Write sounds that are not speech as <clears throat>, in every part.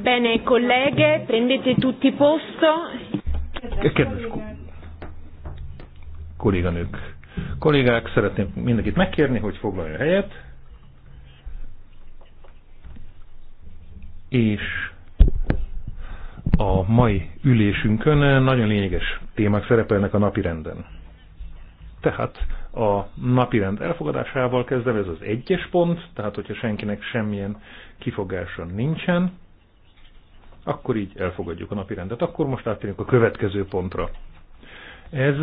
Bene, colleghe, prendete tutti posto. Kedves kolléganők, kollégák, szeretném mindenkit megkérni, hogy foglalja helyet. És a mai ülésünkön nagyon lényeges témák szerepelnek a napirenden. Tehát a napirend elfogadásával kezdem, ez az egyes pont, tehát hogyha senkinek semmilyen kifogása nincsen, akkor így elfogadjuk a napi rendet. Akkor most átérünk a következő pontra. Ez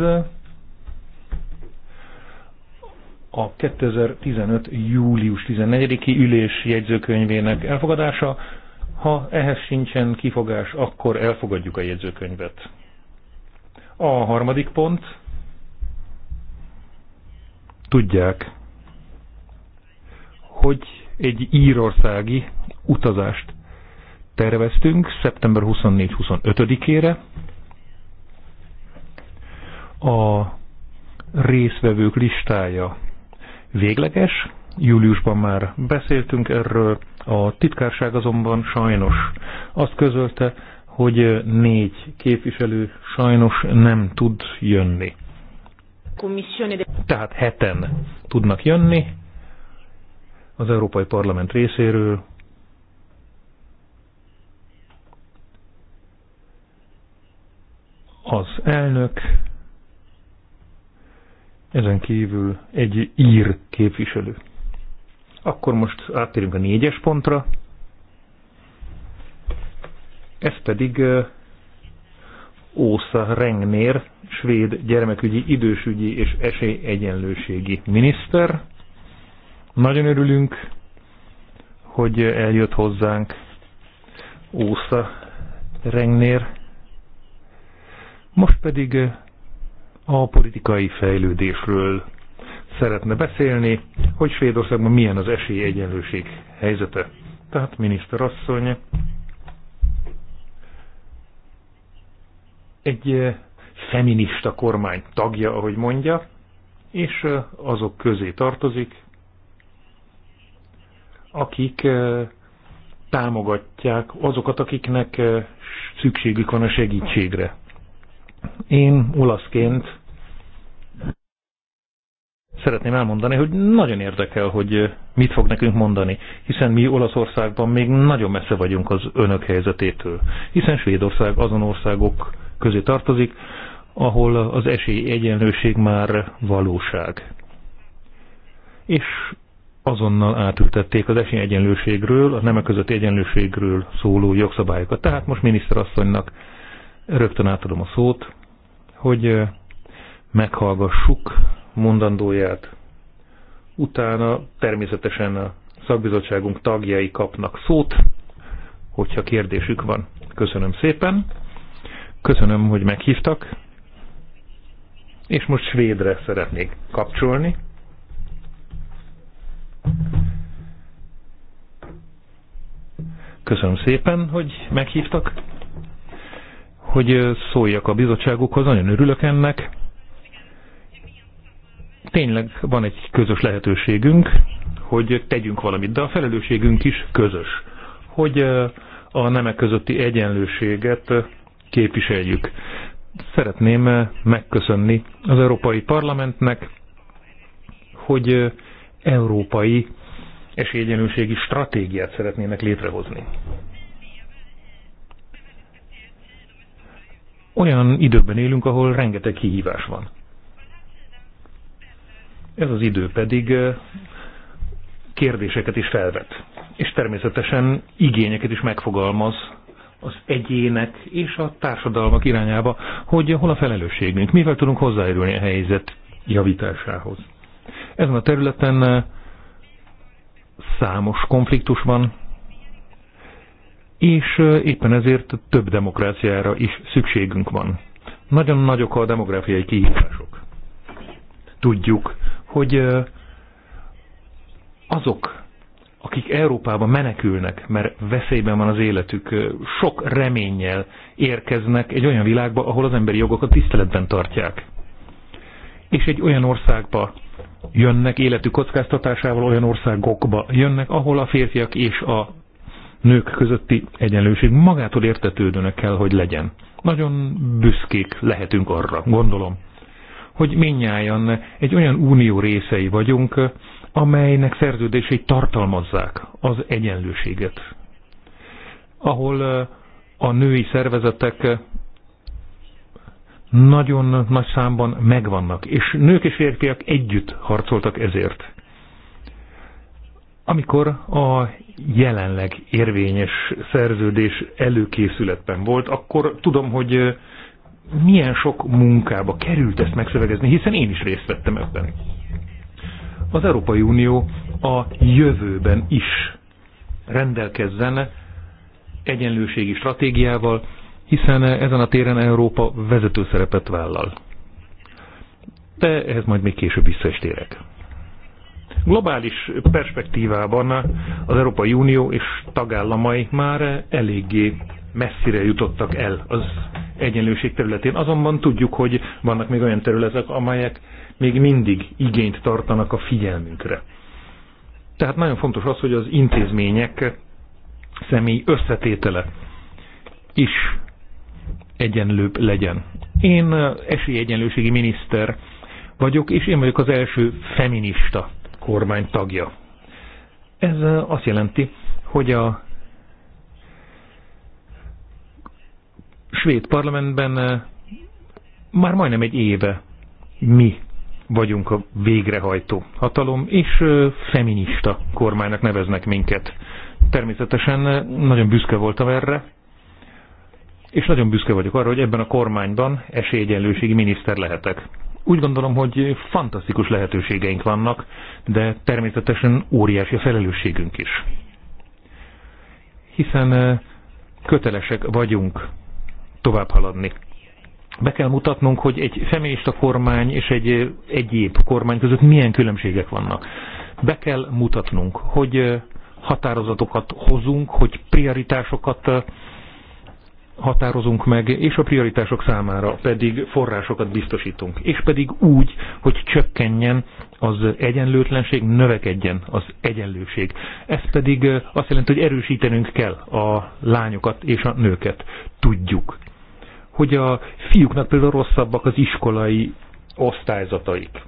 a 2015. július 14-i ülés jegyzőkönyvének elfogadása. Ha ehhez sincsen kifogás, akkor elfogadjuk a jegyzőkönyvet. A harmadik pont. Tudják, hogy egy írországi utazást terveztünk szeptember 24-25-ére. A részvevők listája végleges, júliusban már beszéltünk erről, a titkárság azonban sajnos azt közölte, hogy négy képviselő sajnos nem tud jönni. Tehát heten tudnak jönni az Európai Parlament részéről, az elnök, ezen kívül egy ír képviselő. Akkor most áttérünk a négyes pontra. Ez pedig Ósza Rengnér, svéd gyermekügyi, idősügyi és esélyegyenlőségi miniszter. Nagyon örülünk, hogy eljött hozzánk Ósza Rengnér most pedig eh, a politikai fejlődésről szeretne beszélni, hogy Svédországban milyen az esélyegyenlőség helyzete. Tehát miniszterasszony egy eh, feminista kormány tagja, ahogy mondja, és eh, azok közé tartozik, akik támogatják azokat, akiknek szükségük van a segítségre. Én olaszként szeretném elmondani, hogy nagyon érdekel, hogy mit fog nekünk mondani, hiszen mi Olaszországban még nagyon messze vagyunk az önök helyzetétől, hiszen Svédország azon országok közé tartozik, ahol az esély egyenlőség már valóság. És azonnal átültették az esély egyenlőségről, a nemek közötti egyenlőségről szóló jogszabályokat. Tehát most miniszterasszonynak Rögtön átadom a szót, hogy meghallgassuk mondandóját. Utána természetesen a szakbizottságunk tagjai kapnak szót, hogyha kérdésük van. Köszönöm szépen. Köszönöm, hogy meghívtak. És most svédre szeretnék kapcsolni. Köszönöm szépen, hogy meghívtak hogy szóljak a bizottságukhoz, nagyon örülök ennek. Tényleg van egy közös lehetőségünk, hogy tegyünk valamit, de a felelősségünk is közös, hogy a nemek közötti egyenlőséget képviseljük. Szeretném megköszönni az Európai Parlamentnek, hogy európai esélyegyenlőségi stratégiát szeretnének létrehozni. Olyan időben élünk, ahol rengeteg kihívás van. Ez az idő pedig kérdéseket is felvet, és természetesen igényeket is megfogalmaz az egyének és a társadalmak irányába, hogy hol a felelősségünk, mivel tudunk hozzájárulni a helyzet javításához. Ezen a területen számos konfliktus van, és éppen ezért több demokráciára is szükségünk van. Nagyon nagyok a demográfiai kihívások. Tudjuk, hogy azok, akik Európába menekülnek, mert veszélyben van az életük, sok reménnyel érkeznek egy olyan világba, ahol az emberi jogokat tiszteletben tartják. És egy olyan országba jönnek életük kockáztatásával, olyan országokba jönnek, ahol a férfiak és a nők közötti egyenlőség magától értetődőnek kell, hogy legyen. Nagyon büszkék lehetünk arra, gondolom, hogy minnyáján egy olyan unió részei vagyunk, amelynek szerződései tartalmazzák az egyenlőséget. Ahol eh, a női szervezetek nagyon nagy számban megvannak, és nők és férfiak együtt harcoltak ezért. Amikor a jelenleg érvényes szerződés előkészületben volt, akkor tudom, hogy milyen sok munkába került ezt megszövegezni, hiszen én is részt vettem ebben. Az Európai Unió a jövőben is rendelkezzen egyenlőségi stratégiával, hiszen ezen a téren Európa vezető szerepet vállal. De ehhez majd még később vissza is térek. Globális perspektívában az Európai Unió és tagállamai már eléggé messzire jutottak el az egyenlőség területén. Azonban tudjuk, hogy vannak még olyan területek, amelyek még mindig igényt tartanak a figyelmünkre. Tehát nagyon fontos az, hogy az intézmények személy összetétele is egyenlőbb legyen. Én eh, esélyegyenlőségi miniszter vagyok, és én vagyok az első feminista kormány tagja. Ez azt jelenti, hogy a svéd parlamentben már majdnem egy éve mi vagyunk a végrehajtó hatalom, és feminista kormánynak neveznek minket. Természetesen nagyon büszke voltam erre, és nagyon büszke vagyok arra, hogy ebben a kormányban esélyegyenlőségi miniszter lehetek. Úgy gondolom, hogy fantasztikus lehetőségeink vannak, de természetesen óriási a felelősségünk is. Hiszen eh, kötelesek vagyunk tovább haladni. Be kell mutatnunk, hogy egy feminista kormány és egy eh, egyéb kormány között milyen különbségek vannak. Be kell mutatnunk, hogy eh, határozatokat hozunk, hogy prioritásokat határozunk meg, és a prioritások számára pedig forrásokat biztosítunk. És pedig úgy, hogy csökkenjen az egyenlőtlenség, növekedjen az egyenlőség. Ez pedig azt jelenti, hogy erősítenünk kell a lányokat és a nőket. Tudjuk, hogy a fiúknak például rosszabbak az iskolai osztályzataik.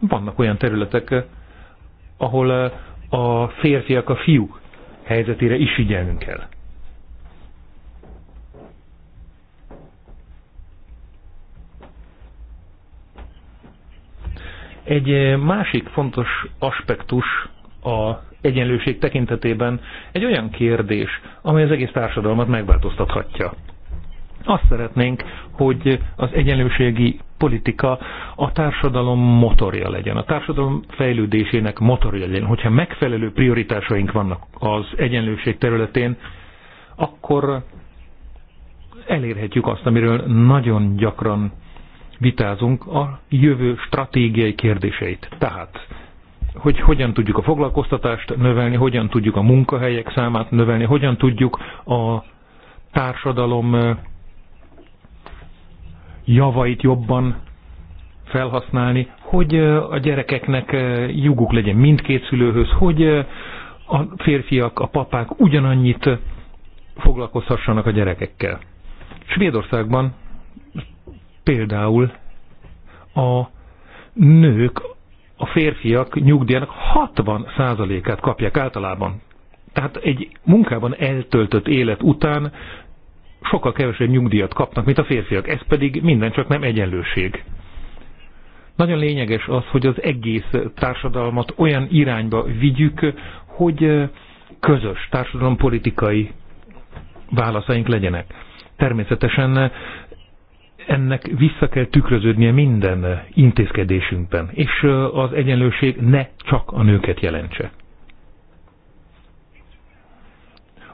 Vannak olyan területek, ahol a férfiak, a fiúk helyzetére is figyelnünk kell Egy eh, másik fontos aspektus a egyenlőség tekintetében egy olyan kérdés, amely az egész társadalmat megváltoztathatja. Azt szeretnénk, hogy az egyenlőségi politika a társadalom motorja legyen, a társadalom fejlődésének motorja legyen. Hogyha megfelelő prioritásaink vannak az egyenlőség területén, akkor elérhetjük azt, amiről nagyon gyakran vitázunk a jövő stratégiai kérdéseit. Tehát, hogy hogyan tudjuk a foglalkoztatást növelni, hogyan tudjuk a munkahelyek számát növelni, hogyan tudjuk a társadalom javait jobban felhasználni, hogy a gyerekeknek juguk legyen mindkét szülőhöz, hogy a férfiak, a papák ugyanannyit foglalkozhassanak a gyerekekkel. Svédországban Például a nők, a férfiak nyugdíjának 60%-át kapják általában. Tehát egy munkában eltöltött élet után sokkal kevesebb nyugdíjat kapnak, mint a férfiak. Ez pedig minden csak nem egyenlőség. Nagyon lényeges az, hogy az egész társadalmat olyan irányba vigyük, hogy közös társadalompolitikai válaszaink legyenek. Természetesen ennek vissza kell tükröződnie minden intézkedésünkben, és az egyenlőség ne csak a nőket jelentse.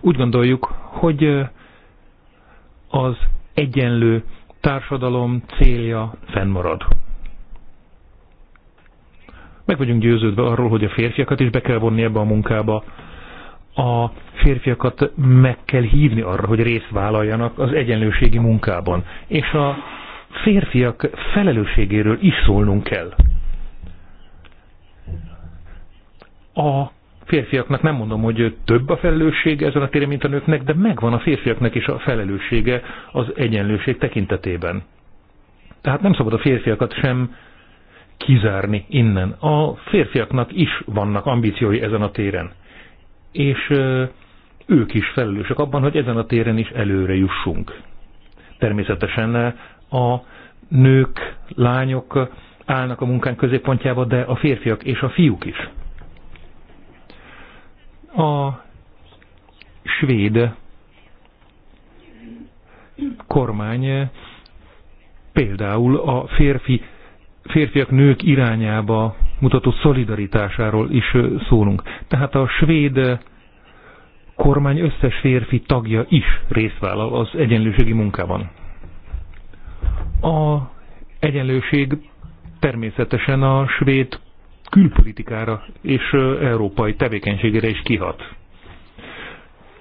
Úgy gondoljuk, hogy az egyenlő társadalom célja fennmarad. Meg vagyunk győződve arról, hogy a férfiakat is be kell vonni ebbe a munkába, a férfiakat meg kell hívni arra, hogy részt vállaljanak az egyenlőségi munkában. És a férfiak felelősségéről is szólnunk kell. A férfiaknak nem mondom, hogy több a felelőssége ezen a téren, mint a nőknek, de megvan a férfiaknak is a felelőssége az egyenlőség tekintetében. Tehát nem szabad a férfiakat sem kizárni innen. A férfiaknak is vannak ambíciói ezen a téren és ők is felelősek abban, hogy ezen a téren is előre jussunk. Természetesen a nők, lányok állnak a munkánk középpontjába, de a férfiak és a fiúk is. A svéd kormány például a férfi, férfiak nők irányába mutató szolidaritásáról is szólunk. Tehát a svéd kormány összes férfi tagja is részt vállal az egyenlőségi munkában. A egyenlőség természetesen a svéd külpolitikára és európai tevékenységére is kihat.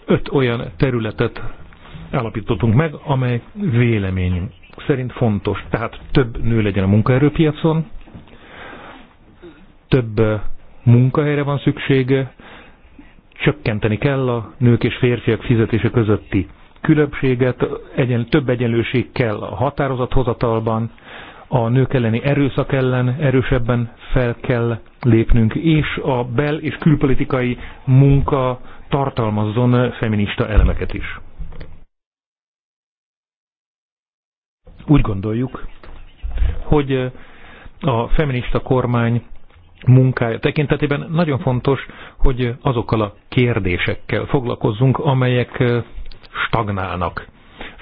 Öt olyan területet állapítottunk meg, amely véleményünk szerint fontos. Tehát több nő legyen a munkaerőpiacon, több munkahelyre van szüksége, csökkenteni kell a nők és férfiak fizetése közötti különbséget, egyen, több egyenlőség kell a határozathozatalban, a nők elleni erőszak ellen erősebben fel kell lépnünk, és a bel- és külpolitikai munka tartalmazzon feminista elemeket is. Úgy gondoljuk, hogy a feminista kormány munkája tekintetében nagyon fontos, hogy azokkal a kérdésekkel foglalkozzunk, amelyek stagnálnak.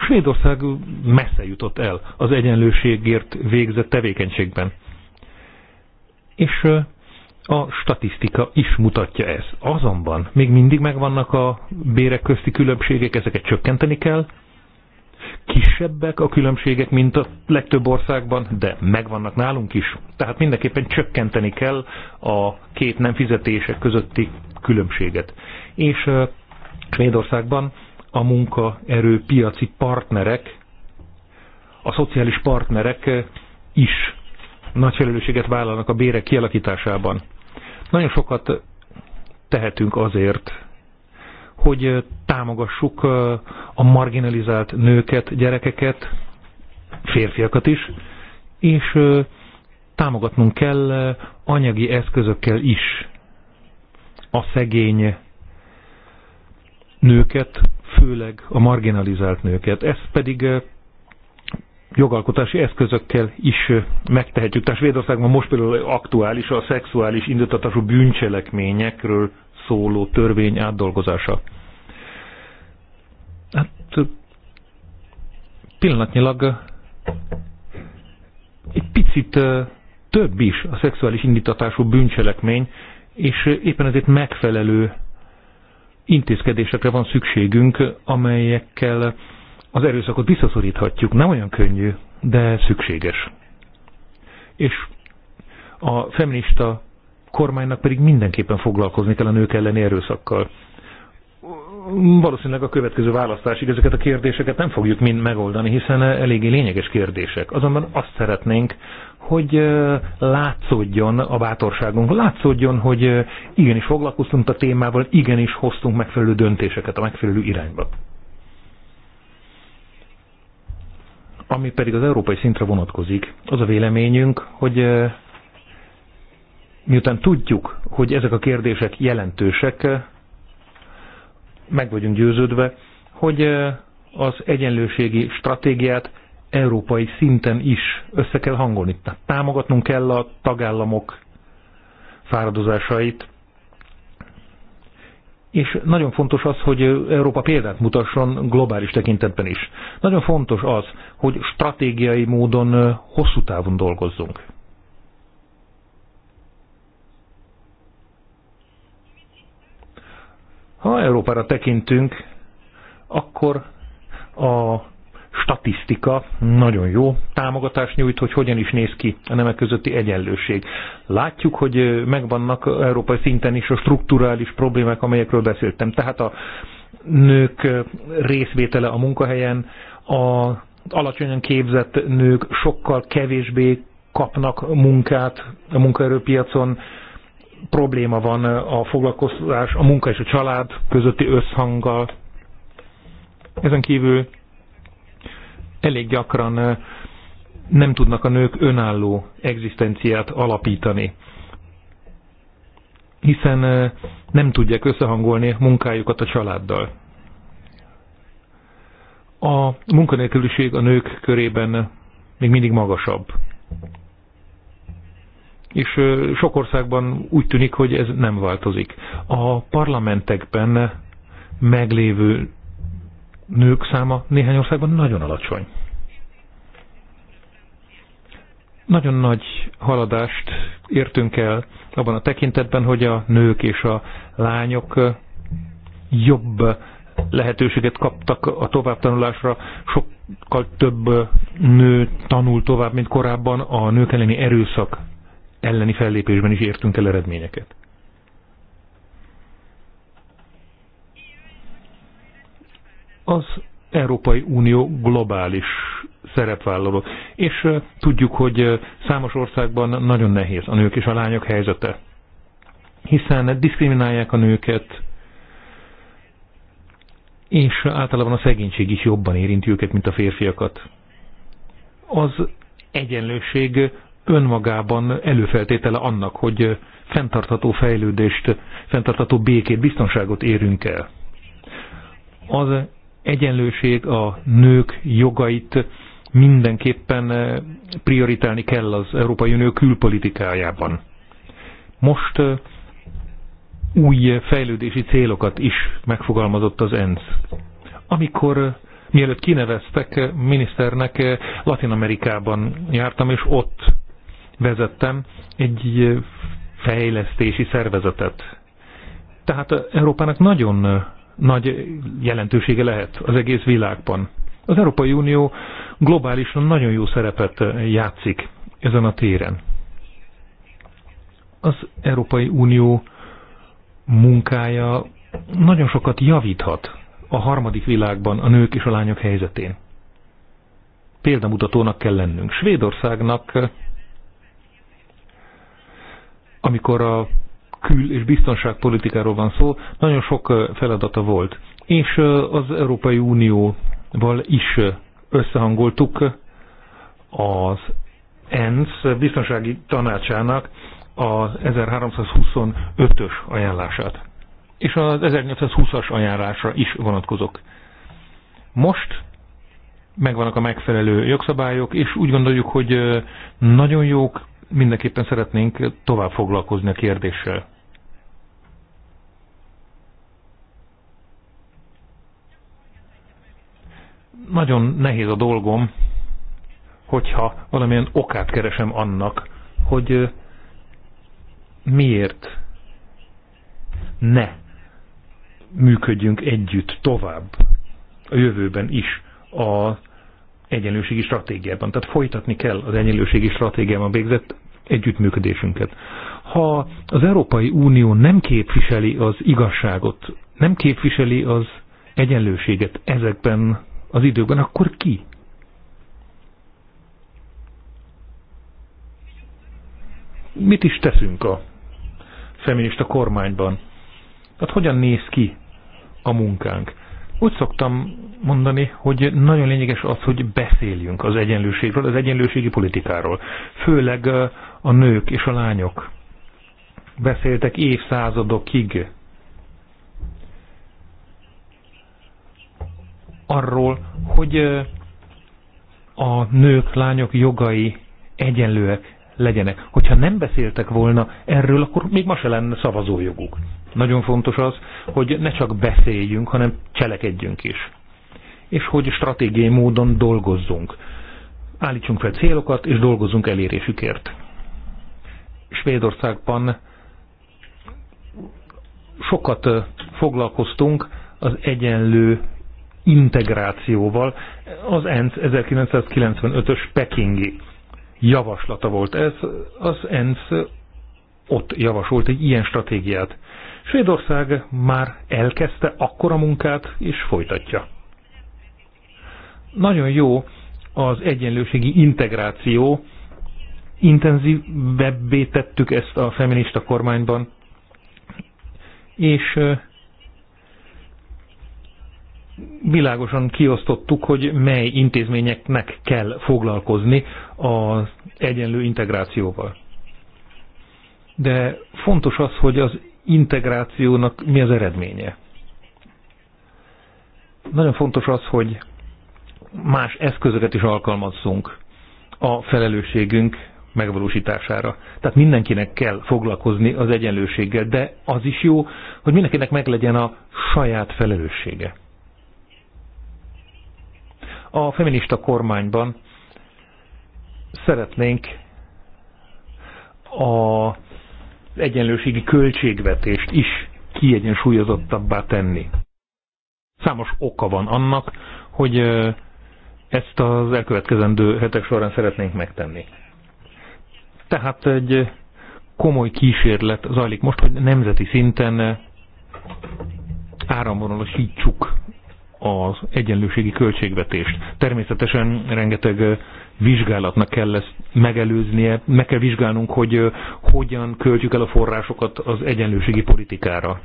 Svédország messze jutott el az egyenlőségért végzett tevékenységben. És a statisztika is mutatja ezt. Azonban még mindig megvannak a bérek közti különbségek, ezeket csökkenteni kell, kisebbek a különbségek, mint a legtöbb országban, de megvannak nálunk is. Tehát mindenképpen csökkenteni kell a két nem fizetések közötti különbséget. És Svédországban a munkaerő piaci partnerek, a szociális partnerek is nagy felelősséget vállalnak a bérek kialakításában. Nagyon sokat tehetünk azért, hogy támogassuk a marginalizált nőket, gyerekeket, férfiakat is, és támogatnunk kell anyagi eszközökkel is a szegény nőket, főleg a marginalizált nőket. Ez pedig jogalkotási eszközökkel is megtehetjük. Tehát Svédországban most például aktuális a szexuális indítatású bűncselekményekről szóló törvény átdolgozása. Hát pillanatnyilag eh, egy picit eh, több is a szexuális indítatású bűncselekmény, és eh, éppen ezért megfelelő intézkedésekre van szükségünk, amelyekkel az erőszakot visszaszoríthatjuk. Nem olyan könnyű, de szükséges. És a feminista kormánynak pedig mindenképpen foglalkozni kell a nők elleni erőszakkal. Valószínűleg a következő választásig ezeket a kérdéseket nem fogjuk mind megoldani, hiszen eléggé lényeges kérdések. Azonban azt szeretnénk, hogy látszódjon a bátorságunk, látszódjon, hogy igenis foglalkoztunk a témával, igenis hoztunk megfelelő döntéseket a megfelelő irányba. Ami pedig az európai szintre vonatkozik, az a véleményünk, hogy miután tudjuk, hogy ezek a kérdések jelentősek, meg vagyunk győződve, hogy eh, az egyenlőségi stratégiát európai szinten is össze kell hangolni. Tehát támogatnunk kell a tagállamok fáradozásait, és nagyon fontos az, hogy Európa példát mutasson globális tekintetben is. Nagyon fontos az, hogy stratégiai módon eh, hosszú távon dolgozzunk. Ha Európára tekintünk, akkor a statisztika nagyon jó támogatást nyújt, hogy hogyan is néz ki a nemek közötti egyenlőség. Látjuk, hogy megvannak európai szinten is a strukturális problémák, amelyekről beszéltem. Tehát a nők részvétele a munkahelyen, a alacsonyan képzett nők sokkal kevésbé kapnak munkát a munkaerőpiacon, probléma van a foglalkozás, a munka és a család közötti összhanggal. Ezen kívül elég gyakran eh, nem tudnak a nők önálló egzisztenciát alapítani, hiszen eh, nem tudják összehangolni munkájukat a családdal. A munkanélküliség a nők körében még mindig magasabb és sok országban úgy tűnik, hogy ez nem változik. A parlamentekben meglévő nők száma néhány országban nagyon alacsony. Nagyon nagy haladást értünk el abban a tekintetben, hogy a nők és a lányok jobb lehetőséget kaptak a továbbtanulásra, sokkal több nő tanul tovább, mint korábban a nők elleni erőszak elleni fellépésben is értünk el eredményeket. Az Európai Unió globális szerepvállaló. És tudjuk, hogy számos országban nagyon nehéz a nők és a lányok helyzete, hiszen diszkriminálják a nőket, és általában a szegénység is jobban érinti őket, mint a férfiakat. Az egyenlőség önmagában előfeltétele annak, hogy fenntartható fejlődést, fenntartható békét, biztonságot érünk el. Az egyenlőség a nők jogait mindenképpen prioritálni kell az Európai Unió külpolitikájában. Most új fejlődési célokat is megfogalmazott az ENSZ. Amikor mielőtt kineveztek miniszternek, Latin Amerikában jártam, és ott vezettem egy fejlesztési szervezetet. Tehát Európának nagyon nagy jelentősége lehet az egész világban. Az Európai Unió globálisan nagyon jó szerepet játszik ezen a téren. Az Európai Unió munkája nagyon sokat javíthat a harmadik világban a nők és a lányok helyzetén. Példamutatónak kell lennünk. Svédországnak amikor a kül- és biztonságpolitikáról van szó, nagyon sok feladata volt. És az Európai Unióval is összehangoltuk az ENSZ biztonsági tanácsának a 1325-ös ajánlását. És az 1820-as ajánlásra is vonatkozok. Most megvannak a megfelelő jogszabályok, és úgy gondoljuk, hogy nagyon jók, mindenképpen szeretnénk tovább foglalkozni a kérdéssel. Nagyon nehéz a dolgom, hogyha valamilyen okát keresem annak, hogy miért ne működjünk együtt tovább a jövőben is a egyenlőségi stratégiában. Tehát folytatni kell az egyenlőségi stratégiában végzett együttműködésünket. Ha az Európai Unió nem képviseli az igazságot, nem képviseli az egyenlőséget ezekben az időkben, akkor ki? Mit is teszünk a feminista kormányban? Hát hogyan néz ki a munkánk? Úgy szoktam mondani, hogy nagyon lényeges az, hogy beszéljünk az egyenlőségről, az egyenlőségi politikáról. Főleg a nők és a lányok beszéltek évszázadokig arról, hogy a nők, lányok jogai egyenlőek legyenek. Hogyha nem beszéltek volna erről, akkor még ma se lenne szavazójoguk. Nagyon fontos az, hogy ne csak beszéljünk, hanem cselekedjünk is. És hogy stratégiai módon dolgozzunk. Állítsunk fel célokat, és dolgozzunk elérésükért. Svédországban sokat foglalkoztunk az egyenlő integrációval. Az ENSZ 1995-ös pekingi javaslata volt ez. Az ENSZ ott javasolt egy ilyen stratégiát. Svédország már elkezdte akkora munkát, és folytatja. Nagyon jó az egyenlőségi integráció, intenzívebbé tettük ezt a feminista kormányban, és világosan kiosztottuk, hogy mely intézményeknek kell foglalkozni az egyenlő integrációval. De fontos az, hogy az integrációnak mi az eredménye. Nagyon fontos az, hogy más eszközöket is alkalmazzunk a felelősségünk megvalósítására. Tehát mindenkinek kell foglalkozni az egyenlőséggel, de az is jó, hogy mindenkinek meglegyen a saját felelőssége. A feminista kormányban szeretnénk a egyenlőségi költségvetést is kiegyensúlyozottabbá tenni. Számos oka van annak, hogy ezt az elkövetkezendő hetek során szeretnénk megtenni. Tehát egy komoly kísérlet zajlik most, hogy nemzeti szinten áramvonalasítsuk az egyenlőségi költségvetést. Természetesen rengeteg vizsgálatnak kell ezt megelőznie, meg kell vizsgálnunk, hogy hogyan költjük el a forrásokat az egyenlőségi politikára.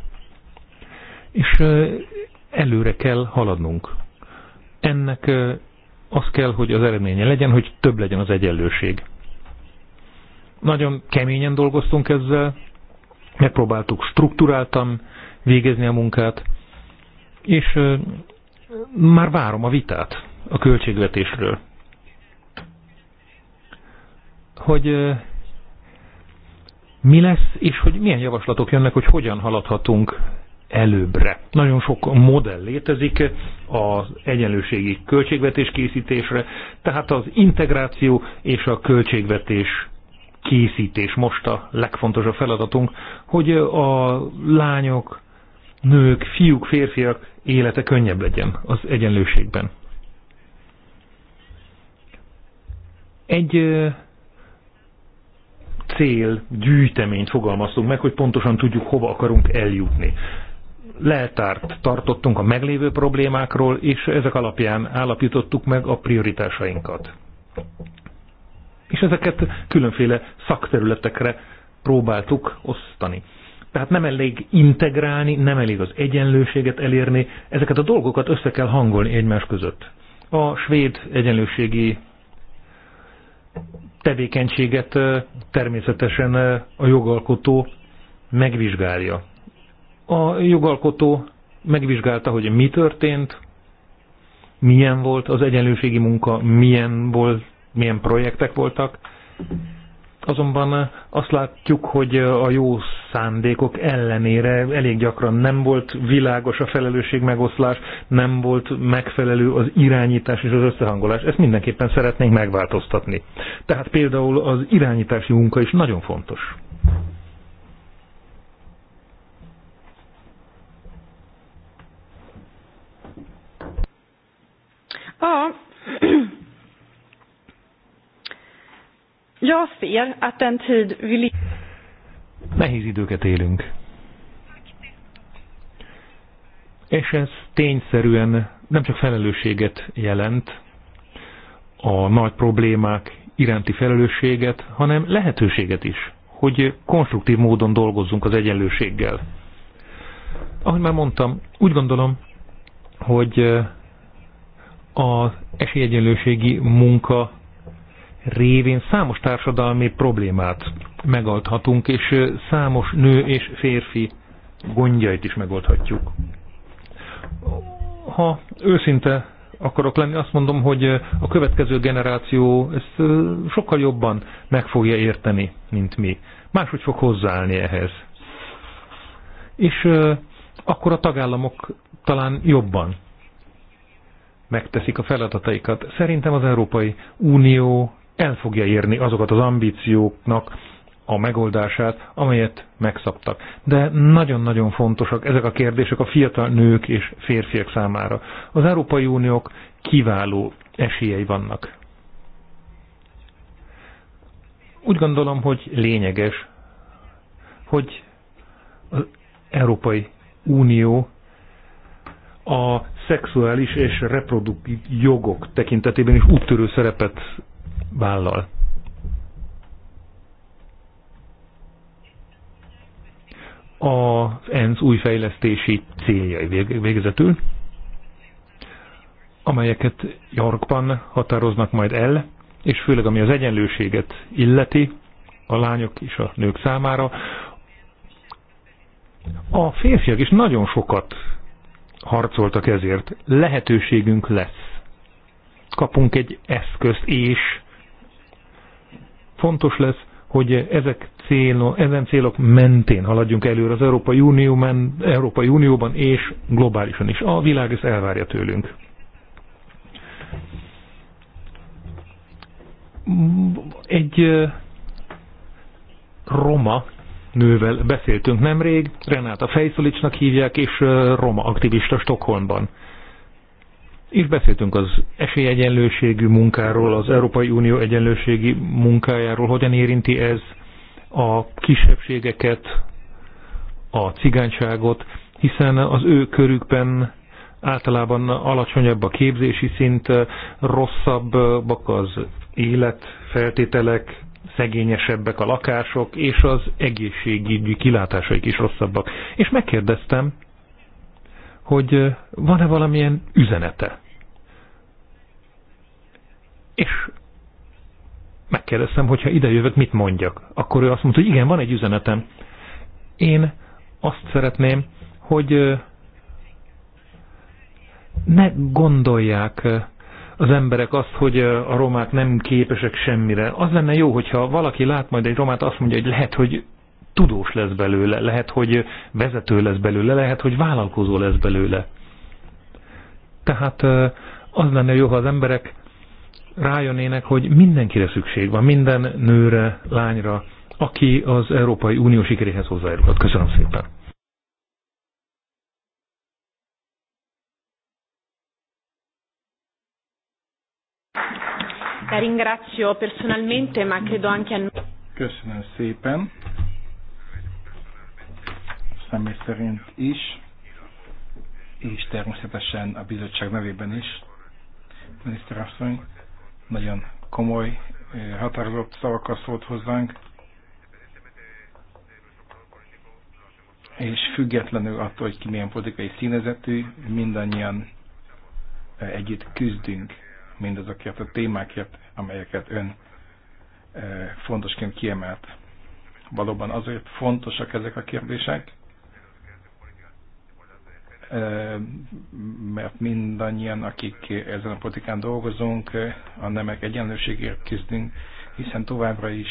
És előre kell haladnunk. Ennek az kell, hogy az eredménye legyen, hogy több legyen az egyenlőség. Nagyon keményen dolgoztunk ezzel, megpróbáltuk strukturáltan végezni a munkát, és már várom a vitát a költségvetésről. Hogy mi lesz, és hogy milyen javaslatok jönnek, hogy hogyan haladhatunk előbbre. Nagyon sok modell létezik az egyenlőségi költségvetés készítésre, tehát az integráció és a költségvetés készítés most a legfontosabb feladatunk, hogy a lányok, nők, fiúk, férfiak élete könnyebb legyen az egyenlőségben. Egy cél, gyűjteményt fogalmaztunk meg, hogy pontosan tudjuk, hova akarunk eljutni. Leltárt tartottunk a meglévő problémákról, és ezek alapján állapítottuk meg a prioritásainkat. És ezeket különféle szakterületekre próbáltuk osztani. Tehát nem elég integrálni, nem elég az egyenlőséget elérni, ezeket a dolgokat össze kell hangolni egymás között. A svéd egyenlőségi tevékenységet természetesen a jogalkotó megvizsgálja. A jogalkotó megvizsgálta, hogy mi történt, milyen volt az egyenlőségi munka, milyen, volt, milyen projektek voltak, Azonban eh, azt látjuk, hogy eh, a jó szándékok ellenére elég gyakran nem volt világos a felelősség megoszlás, nem volt megfelelő az irányítás és az összehangolás. Ezt mindenképpen szeretnénk megváltoztatni. Tehát például az irányítási munka is nagyon fontos. Ja, Jag ser att den tid vi Nehéz időket élünk. És ez tényszerűen nem csak felelősséget jelent, a nagy problémák iránti felelősséget, hanem lehetőséget is, hogy konstruktív módon dolgozzunk az egyenlőséggel. Ahogy már mondtam, úgy gondolom, hogy eh, az esélyegyenlőségi munka révén számos társadalmi problémát megoldhatunk, és számos nő és férfi gondjait is megoldhatjuk. Ha őszinte akarok lenni, azt mondom, hogy a következő generáció ezt sokkal jobban meg fogja érteni, mint mi. Máshogy fog hozzáállni ehhez. És akkor a tagállamok talán jobban megteszik a feladataikat. Szerintem az Európai Unió el fogja érni azokat az ambícióknak a megoldását, amelyet megszabtak. De nagyon-nagyon fontosak ezek a kérdések a fiatal nők és férfiak számára. Az Európai Uniók kiváló esélyei vannak. Úgy gondolom, hogy lényeges, hogy az Európai Unió a szexuális és reproduktív jogok tekintetében is úttörő szerepet vállal. Az ENSZ új fejlesztési céljai végezetül, amelyeket Yorkban határoznak majd el, és főleg ami az egyenlőséget illeti, a lányok és a nők számára, a férfiak is nagyon sokat harcoltak ezért. Lehetőségünk lesz. Kapunk egy eszközt és Fontos lesz, hogy ezek célo, ezen célok mentén haladjunk előre az Európai, Unióban, Európai Unióban és globálisan is. A világ ezt elvárja tőlünk. Egy roma nővel beszéltünk nemrég, Renáta Fejszolicsnak hívják, és roma aktivista Stockholmban. És beszéltünk az esélyegyenlőségű munkáról, az Európai Unió egyenlőségi munkájáról, hogyan érinti ez a kisebbségeket, a cigányságot, hiszen az ő körükben általában alacsonyabb a képzési szint, rosszabbak az életfeltételek, szegényesebbek a lakások, és az egészségügyi kilátásaik is rosszabbak. És megkérdeztem, hogy van-e valamilyen üzenete. És megkérdeztem, hogyha ide jövök, mit mondjak. Akkor ő azt mondta, hogy igen, van egy üzenetem. Én azt szeretném, hogy ne gondolják az emberek azt, hogy a romák nem képesek semmire. Az lenne jó, hogyha valaki lát majd egy romát, azt mondja, hogy lehet, hogy tudós lesz belőle, lehet, hogy vezető lesz belőle, lehet, hogy vállalkozó lesz belőle. Tehát az lenne jó, ha az emberek rájönnének, hogy mindenkire szükség van, minden nőre, lányra, aki az Európai Unió sikeréhez hozzájárulhat. Köszönöm szépen! ringrazio personalmente, ma credo anche a Köszönöm szépen személy szerint is, és természetesen a bizottság nevében is. asszony nagyon komoly, határozott szavakkal szólt hozzánk, és függetlenül attól, hogy ki milyen politikai színezetű, mindannyian együtt küzdünk mindazokért a témákért, amelyeket ön fontosként kiemelt. Valóban azért fontosak ezek a kérdések, mert mindannyian, akik ezen a politikán dolgozunk, a nemek egyenlőségért küzdünk, hiszen továbbra is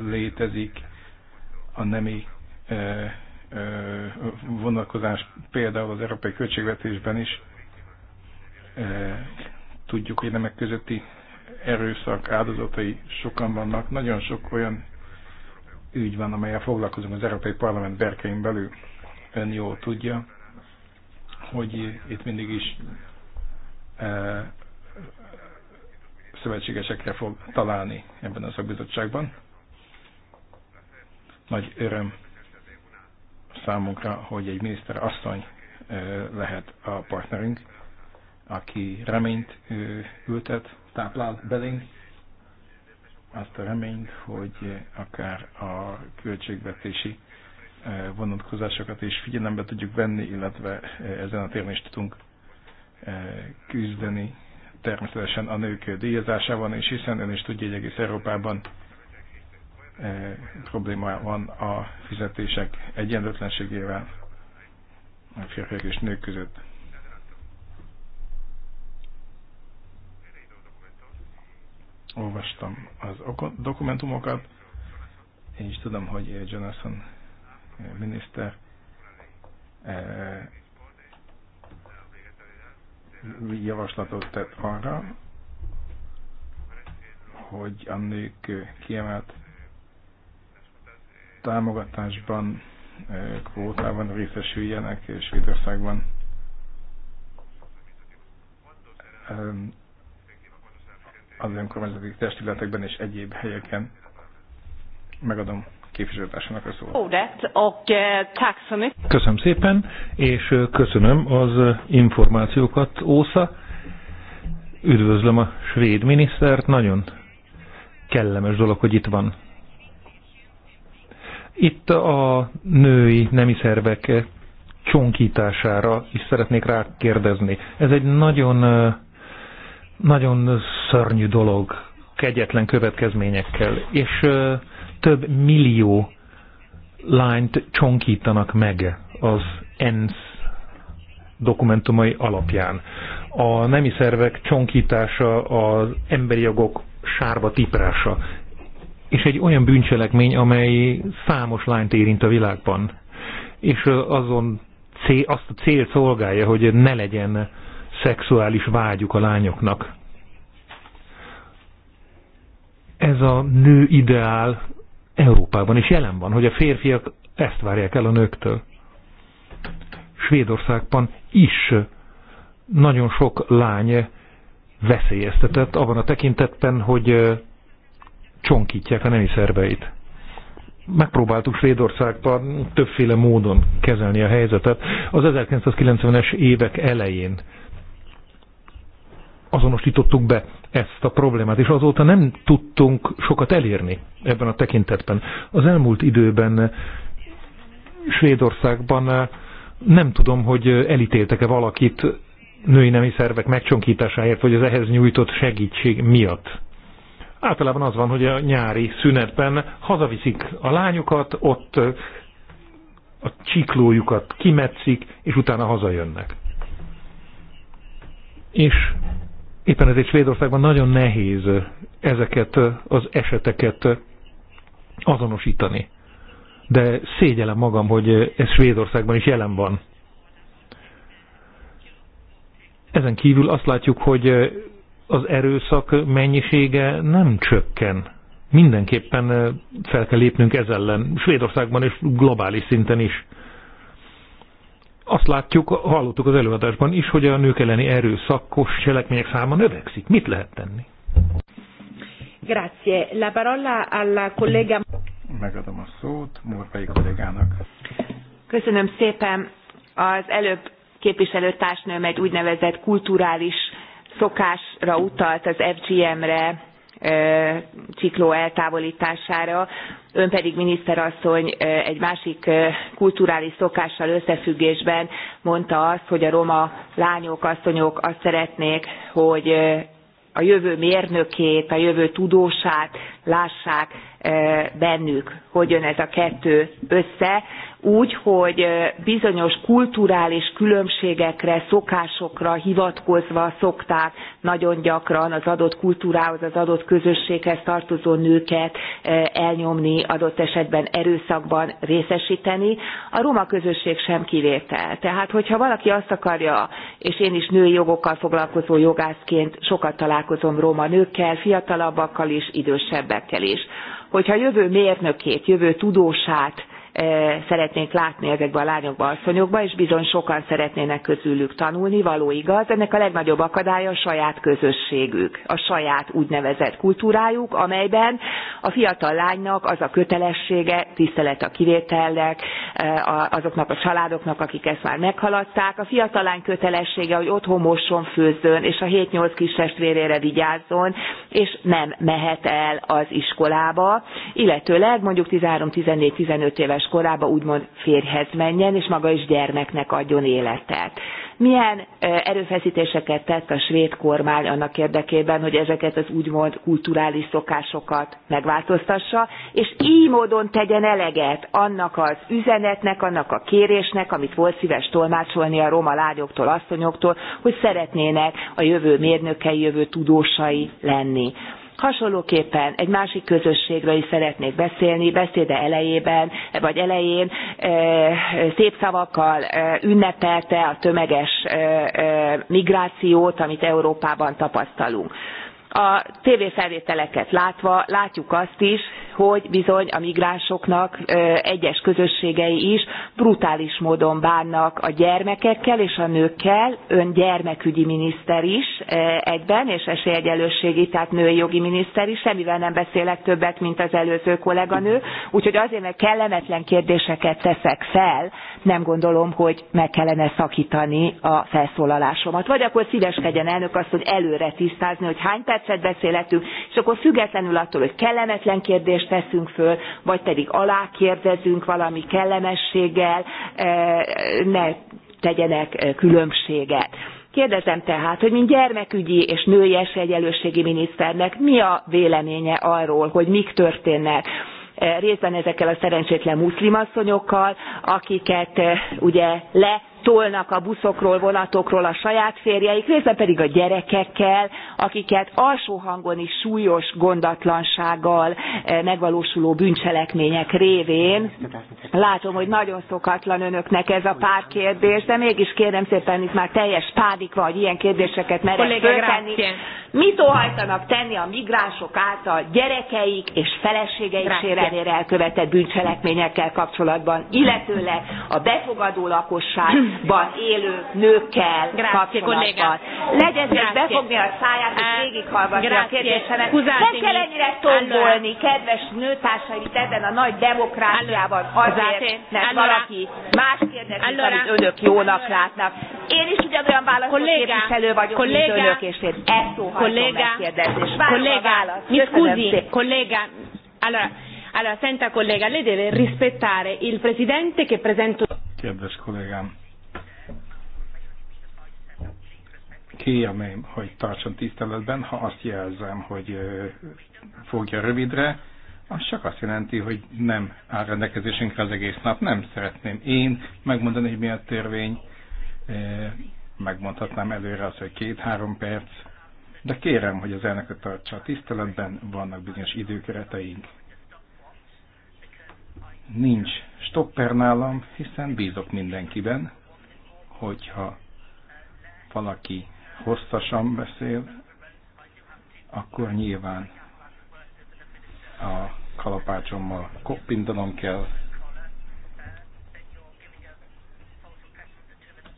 létezik a nemi vonatkozás például az európai költségvetésben is. Tudjuk, hogy nemek közötti erőszak áldozatai sokan vannak. Nagyon sok olyan ügy van, amelyel foglalkozunk az Európai Parlament berkein belül. Ön jól tudja hogy itt mindig is e, szövetségesekre fog találni ebben a szakbizottságban. Nagy öröm számunkra, hogy egy miniszter asszony e, lehet a partnerünk, aki reményt e, ültet, táplál belénk, azt a reményt, hogy akár a költségvetési vonatkozásokat is figyelembe tudjuk venni, illetve ezen a téren is tudunk küzdeni természetesen a nők díjazásában is, hiszen ön is tudja, hogy egész Európában probléma van a fizetések egyenlőtlenségével a férfiak és nők között. Olvastam az dokumentumokat, én is tudom, hogy Jonathan miniszter eh, javaslatot tett arra, hogy a nők kiemelt támogatásban, eh, kvótában részesüljenek és Svédországban. Az önkormányzati testületekben és egyéb helyeken megadom képviselőtársának a szót. Eh, köszönöm szépen, és eh, köszönöm az eh, információkat, Ósza. Üdvözlöm a svéd minisztert, nagyon kellemes dolog, hogy itt van. Itt a női nemi szervek csonkítására is szeretnék rá kérdezni. Ez egy nagyon, nagyon szörnyű dolog, kegyetlen következményekkel. És több millió lányt csonkítanak meg az ENSZ dokumentumai alapján. A nemi szervek csonkítása, az emberi jogok sárba tiprása, és egy olyan bűncselekmény, amely számos lányt érint a világban, és azon cél, azt a cél szolgálja, hogy ne legyen szexuális vágyuk a lányoknak. Ez a nő ideál Európában is jelen van, hogy a férfiak ezt várják el a nőktől. Svédországban is nagyon sok lány veszélyeztetett abban a tekintetben, hogy csonkítják a nemi szerveit. Megpróbáltuk Svédországban többféle módon kezelni a helyzetet. Az 1990-es évek elején azonosítottuk be ezt a problémát, és azóta nem tudtunk sokat elérni ebben a tekintetben. Az elmúlt időben Svédországban eh, nem tudom, hogy elítéltek-e valakit női nemi szervek megcsonkításáért, vagy az ehhez nyújtott segítség miatt. Általában az van, hogy a nyári szünetben hazaviszik a lányokat, ott eh, a csiklójukat kimetszik, és utána hazajönnek. És éppen ezért Svédországban nagyon nehéz ezeket az eseteket azonosítani. De szégyelem magam, hogy ez Svédországban is jelen van. Ezen kívül azt látjuk, hogy az erőszak mennyisége nem csökken. Mindenképpen fel kell lépnünk ez ellen, Svédországban és globális szinten is. Azt látjuk, hallottuk az előadásban is, hogy a nők elleni erőszakos cselekmények száma növekszik. Mit lehet tenni? Grazie. La parola alla collega... Megadom a szót Morvai kollégának. Köszönöm szépen. Az előbb képviselőtársnőm egy úgynevezett kulturális szokásra utalt az FGM-re, csikló eltávolítására ön pedig miniszterasszony egy másik kulturális szokással összefüggésben mondta azt hogy a roma lányok asszonyok azt szeretnék hogy a jövő mérnökét a jövő tudósát lássák bennük. hogy jön ez a kettő össze? úgy, hogy bizonyos kulturális különbségekre, szokásokra hivatkozva szokták nagyon gyakran az adott kultúrához, az adott közösséghez tartozó nőket elnyomni, adott esetben erőszakban részesíteni. A roma közösség sem kivétel. Tehát, hogyha valaki azt akarja, és én is női jogokkal foglalkozó jogászként sokat találkozom roma nőkkel, fiatalabbakkal is, idősebbekkel is, hogyha jövő mérnökét, jövő tudósát, szeretnénk látni ezekben a lányokban, asszonyokban, és bizony sokan szeretnének közülük tanulni, való igaz. Ennek a legnagyobb akadálya a saját közösségük, a saját úgynevezett kultúrájuk, amelyben a fiatal lánynak az a kötelessége, tisztelet a kivételnek, azoknak a családoknak, akik ezt már meghaladták, a fiatal lány kötelessége, hogy otthon mosson, főzzön, és a 7-8 kis testvérére vigyázzon, és nem mehet el az iskolába, illetőleg mondjuk 13-14-15 éves éves úgymond férjhez menjen, és maga is gyermeknek adjon életet. Milyen erőfeszítéseket tett a svéd kormány annak érdekében, hogy ezeket az úgymond kulturális szokásokat megváltoztassa, és így módon tegyen eleget annak az üzenetnek, annak a kérésnek, amit volt szíves tolmácsolni a roma lányoktól, asszonyoktól, hogy szeretnének a jövő mérnökei, jövő tudósai lenni. Hasonlóképpen egy másik közösségről is szeretnék beszélni, beszéde elejében, vagy elején e, szép szavakkal e, ünnepelte a tömeges e, migrációt, amit Európában tapasztalunk a tévéfelvételeket látva látjuk azt is hogy bizony a migránsoknak egyes közösségei is brutális módon bánnak a gyermekekkel és a nőkkel ön gyermekügyi miniszter is egyben és esélyegyelősségi tehát női jogi miniszter is semmivel nem beszélek többet mint az előző kolléganő úgyhogy azért mert kellemetlen kérdéseket teszek fel nem gondolom hogy meg kellene szakítani a felszólalásomat vagy akkor szíveskedjen elnök azt hogy előre tisztázni hogy hány perc percet beszélhetünk, és akkor függetlenül attól, hogy kellemetlen kérdést teszünk föl, vagy pedig alákérdezünk valami kellemességgel, eh, ne tegyenek eh, különbséget. Kérdezem tehát, hogy mint gyermekügyi és női esélyegyelősségi miniszternek mi a véleménye arról, hogy mik történnek eh, részben ezekkel a szerencsétlen muszlimasszonyokkal, akiket ugye le tolnak a buszokról, vonatokról a saját férjeik, részben pedig a gyerekekkel, akiket alsó hangon is súlyos gondatlansággal eh, megvalósuló bűncselekmények révén. Látom, hogy nagyon szokatlan önöknek ez a pár kérdés, de mégis kérem szépen, itt már teljes pádik van, hogy ilyen kérdéseket merek föltenni. Mit óhajtanak tenni a migránsok által gyerekeik és feleségeik sérelmére elkövetett bűncselekményekkel kapcsolatban, illetőleg a befogadó lakosság <clears throat> fogyatékossággal élő nőkkel Grazie, kapcsolatban. Legyen csak befogni a száját, és eh, végighallgatni a kérdésemet. Nem kell ennyire tombolni, kedves nőtársai, ebben a nagy demokráciában azért, mert valaki más kérdezik, amit önök jónak látnak. Én is ugyanolyan választó képviselő vagyok, mint önök, és én ezt óhajtom megkérdezni. És várom a választ. Köszönöm scusi, collega, allora, allora, senta collega, lei deve rispettare il presidente che presento. Kedves kollégám, kérném, hogy tartson tiszteletben, ha azt jelzem, hogy fogja rövidre, az csak azt jelenti, hogy nem áll rendelkezésünkre az egész nap. Nem szeretném én megmondani, hogy mi a törvény. Megmondhatnám előre azt, hogy két-három perc. De kérem, hogy az elnököt tartsa a tiszteletben, vannak bizonyos időkereteink. Nincs stopper nálam, hiszen bízok mindenkiben, hogyha valaki hosszasan beszél, akkor nyilván a kalapácsommal koppintanom kell.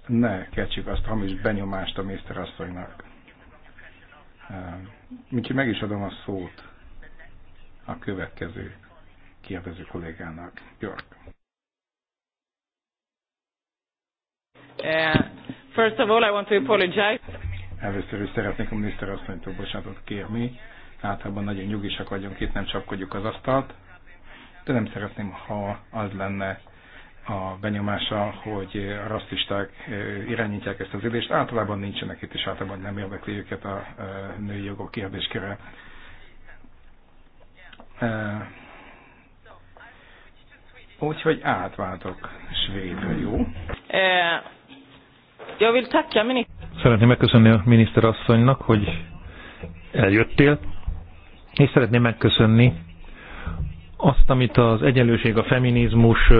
Ne kecsük azt a hamis benyomást a miniszterasszonynak. Ehm, úgyhogy meg is adom a szót a következő kérdező kollégának. Györg. Uh, eh, first of all, I want to apologize. Először is szeretnék a miniszterasszonytól bocsánatot kérni. Általában nagyon nyugisak vagyunk, itt nem csapkodjuk az asztalt, de nem szeretném, ha az lenne a benyomása, hogy a rasszisták irányítják ezt az ülést. Általában nincsenek itt, és általában nem érdekli őket a női jogok kérdéskére. Úgyhogy átváltok svédre, jó? Jag vill tacka ministern. Szeretném megköszönni a miniszterasszonynak, hogy eljöttél, és szeretném megköszönni azt, amit az egyenlőség, a feminizmus,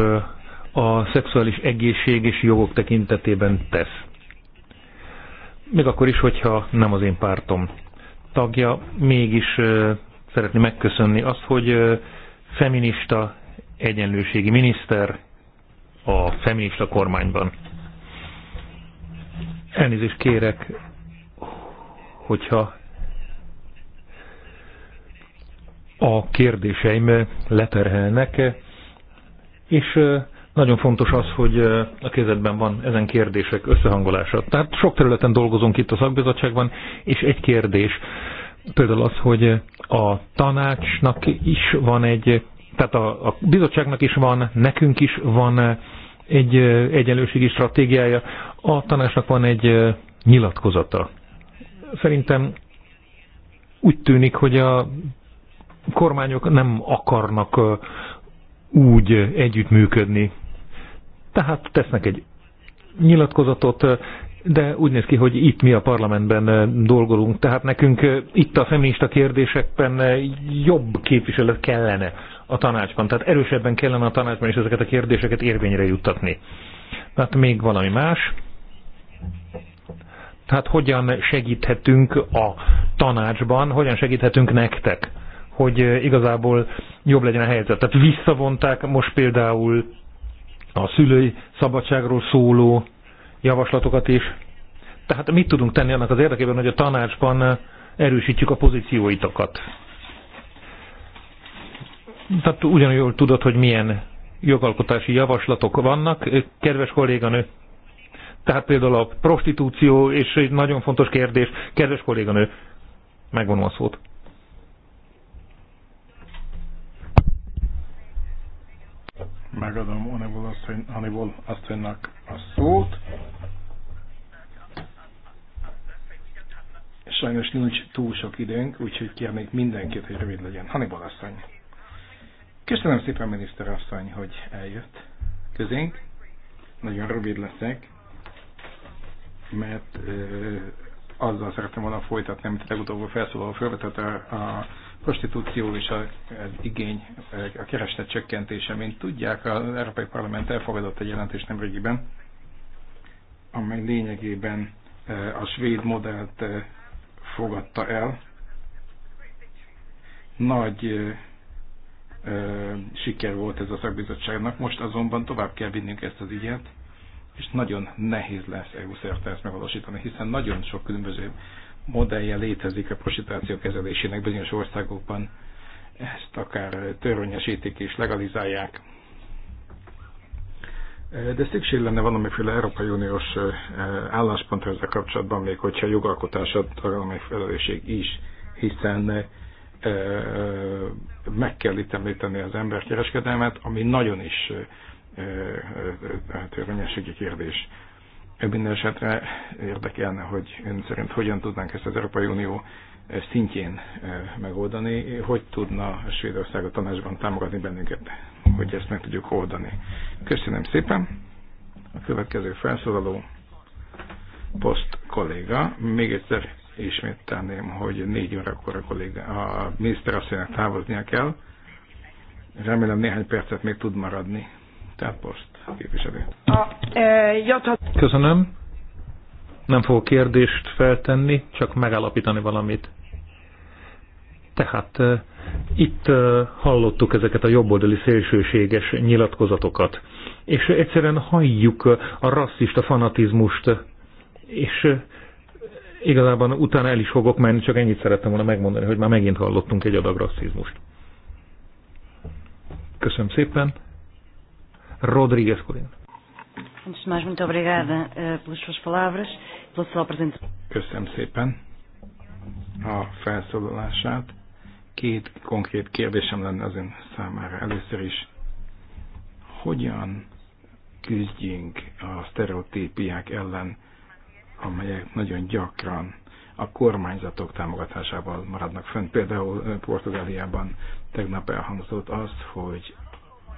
a szexuális egészség és jogok tekintetében tesz. Még akkor is, hogyha nem az én pártom tagja, mégis szeretném megköszönni azt, hogy feminista egyenlőségi miniszter a feminista kormányban. Elnézést kérek, hogyha a kérdéseim leterhelnek, és nagyon fontos az, hogy a kezedben van ezen kérdések összehangolása. Tehát sok területen dolgozunk itt a szakbizottságban, és egy kérdés, például az, hogy a tanácsnak is van egy, tehát a, a bizottságnak is van, nekünk is van egy egyenlőségi stratégiája, a tanácsnak van egy nyilatkozata. Szerintem úgy tűnik, hogy a kormányok nem akarnak úgy együttműködni. Tehát tesznek egy nyilatkozatot, de úgy néz ki, hogy itt mi a parlamentben dolgolunk, tehát nekünk itt a feminista kérdésekben jobb képviselet kellene a tanácsban, tehát erősebben kellene a tanácsban is ezeket a kérdéseket érvényre juttatni. Tehát még valami más. Tehát hogyan segíthetünk a tanácsban, hogyan segíthetünk nektek, hogy eh, igazából jobb legyen a helyzet. Tehát visszavonták most például a szülői szabadságról szóló javaslatokat is. Tehát mit tudunk tenni annak az érdekében, hogy a tanácsban eh, erősítjük a pozícióitokat? Tehát ugyanúgy tudod, hogy milyen jogalkotási javaslatok vannak. Eh, kedves kolléganő, tehát például a prostitúció, és egy nagyon fontos kérdés, kedves kolléganő, megvonom a szót. Megadom Hannibal, asszony, Hannibal a szót. Sajnos nincs túl sok időnk, úgyhogy kérnék mindenkit, hogy rövid legyen. Hannibal asszony. Köszönöm szépen, miniszter asszony, hogy eljött közénk. Nagyon rövid leszek mert azzal szerettem volna folytatni, amit legutóbb a felszólaló felvetett a, a prostitúció és a, az igény, a kereslet csökkentése. Mint tudják, az Európai Parlament elfogadott egy jelentést nemrégiben, amely lényegében a svéd modellt fogadta el. Nagy siker volt ez a szakbizottságnak, most azonban tovább kell vinnünk ezt az ügyet, és nagyon nehéz lesz EU szerte ezt megvalósítani, hiszen nagyon sok különböző modellje létezik a prostitáció kezelésének bizonyos országokban, ezt akár törvényesítik és legalizálják. De szükség lenne valamiféle Európai Uniós álláspontra ezzel kapcsolatban, még hogyha a jogalkotásod tagállami felelősség is, hiszen meg kell itt említeni az emberkereskedelmet, ami nagyon is törvényességi hát kérdés. Minden esetre érdekelne, hogy ön szerint hogyan tudnánk ezt az Európai Unió szintjén megoldani, hogy tudna a Svédország a tanácsban támogatni bennünket, hogy ezt meg tudjuk oldani. Köszönöm szépen. A következő felszólaló poszt kolléga. Még egyszer ismételném, hogy négy órakor a, kolléga, a asszonynak távoznia kell. Remélem néhány percet még tud maradni. Tápost képviselő. Köszönöm. Nem fogok kérdést feltenni, csak megállapítani valamit. Tehát itt hallottuk ezeket a jobboldali szélsőséges nyilatkozatokat, és egyszerűen halljuk a rasszista fanatizmust, és igazából utána el is fogok menni, csak ennyit szerettem volna megmondani, hogy már megint hallottunk egy adag rasszizmust. Köszönöm szépen. Rodrigues Corina. Antes de mais, muito obrigada eh, pelas suas palavras, pela sua apresentação. Köszönöm szépen a felszólalását. Két konkrét kérdésem lenne az ön számára. Először is, hogyan küzdjünk a sztereotípiák ellen, amelyek nagyon gyakran a kormányzatok támogatásával maradnak fönn. Például eh, Portugáliában tegnap elhangzott az, hogy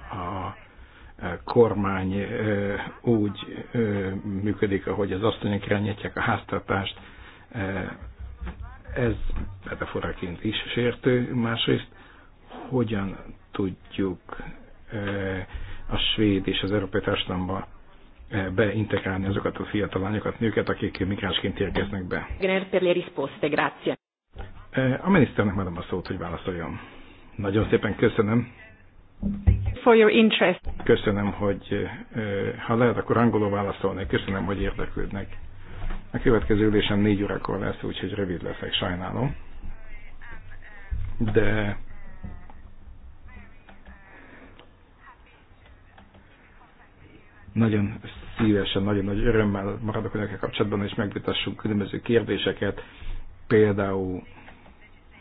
a kormány úgy működik, ahogy az asszonyok irányítják a háztartást, ez metaforaként is sértő. Másrészt, hogyan tudjuk a svéd és az európai társadalomba beintegrálni azokat a fiatal lányokat, nőket, akik migránsként érkeznek be. A miniszternek megadom a szót, hogy válaszoljon. Nagyon szépen köszönöm. For your interest. Köszönöm, hogy eh, ha lehet, akkor angolul válaszolnék. Köszönöm, hogy érdeklődnek. A következő ülésem négy órakor lesz, úgyhogy rövid leszek, sajnálom. De nagyon szívesen, nagyon nagy örömmel maradok önökkel kapcsolatban, és megvitassunk különböző kérdéseket, például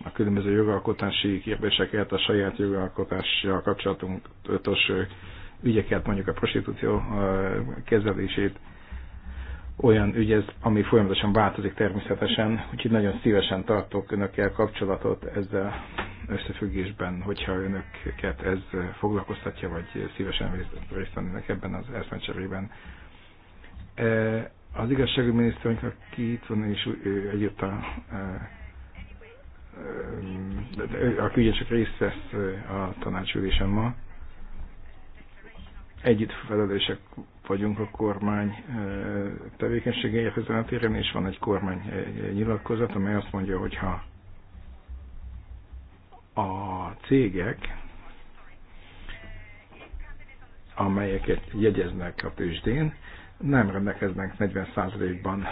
a különböző jogalkotási kérdéseket, a saját jogalkotással kapcsolatos ügyeket, mondjuk a prostitúció kezelését, olyan ügy ez, ami folyamatosan változik természetesen, úgyhogy nagyon szívesen tartok önökkel kapcsolatot ezzel összefüggésben, hogyha önöket ez foglalkoztatja, vagy szívesen részt, vennének ebben az eszmecserében. Az igazságügyminiszterünk, aki itt van, és ő együtt a a ügyesek csak részt vesz a tanácsülésen ma, együtt felelősek vagyunk a kormány tevékenységéért ezen a téren, és van egy kormány nyilatkozat, amely azt mondja, hogy ha a cégek, amelyeket jegyeznek a tőzsdén, nem rendelkeznek 40%-ban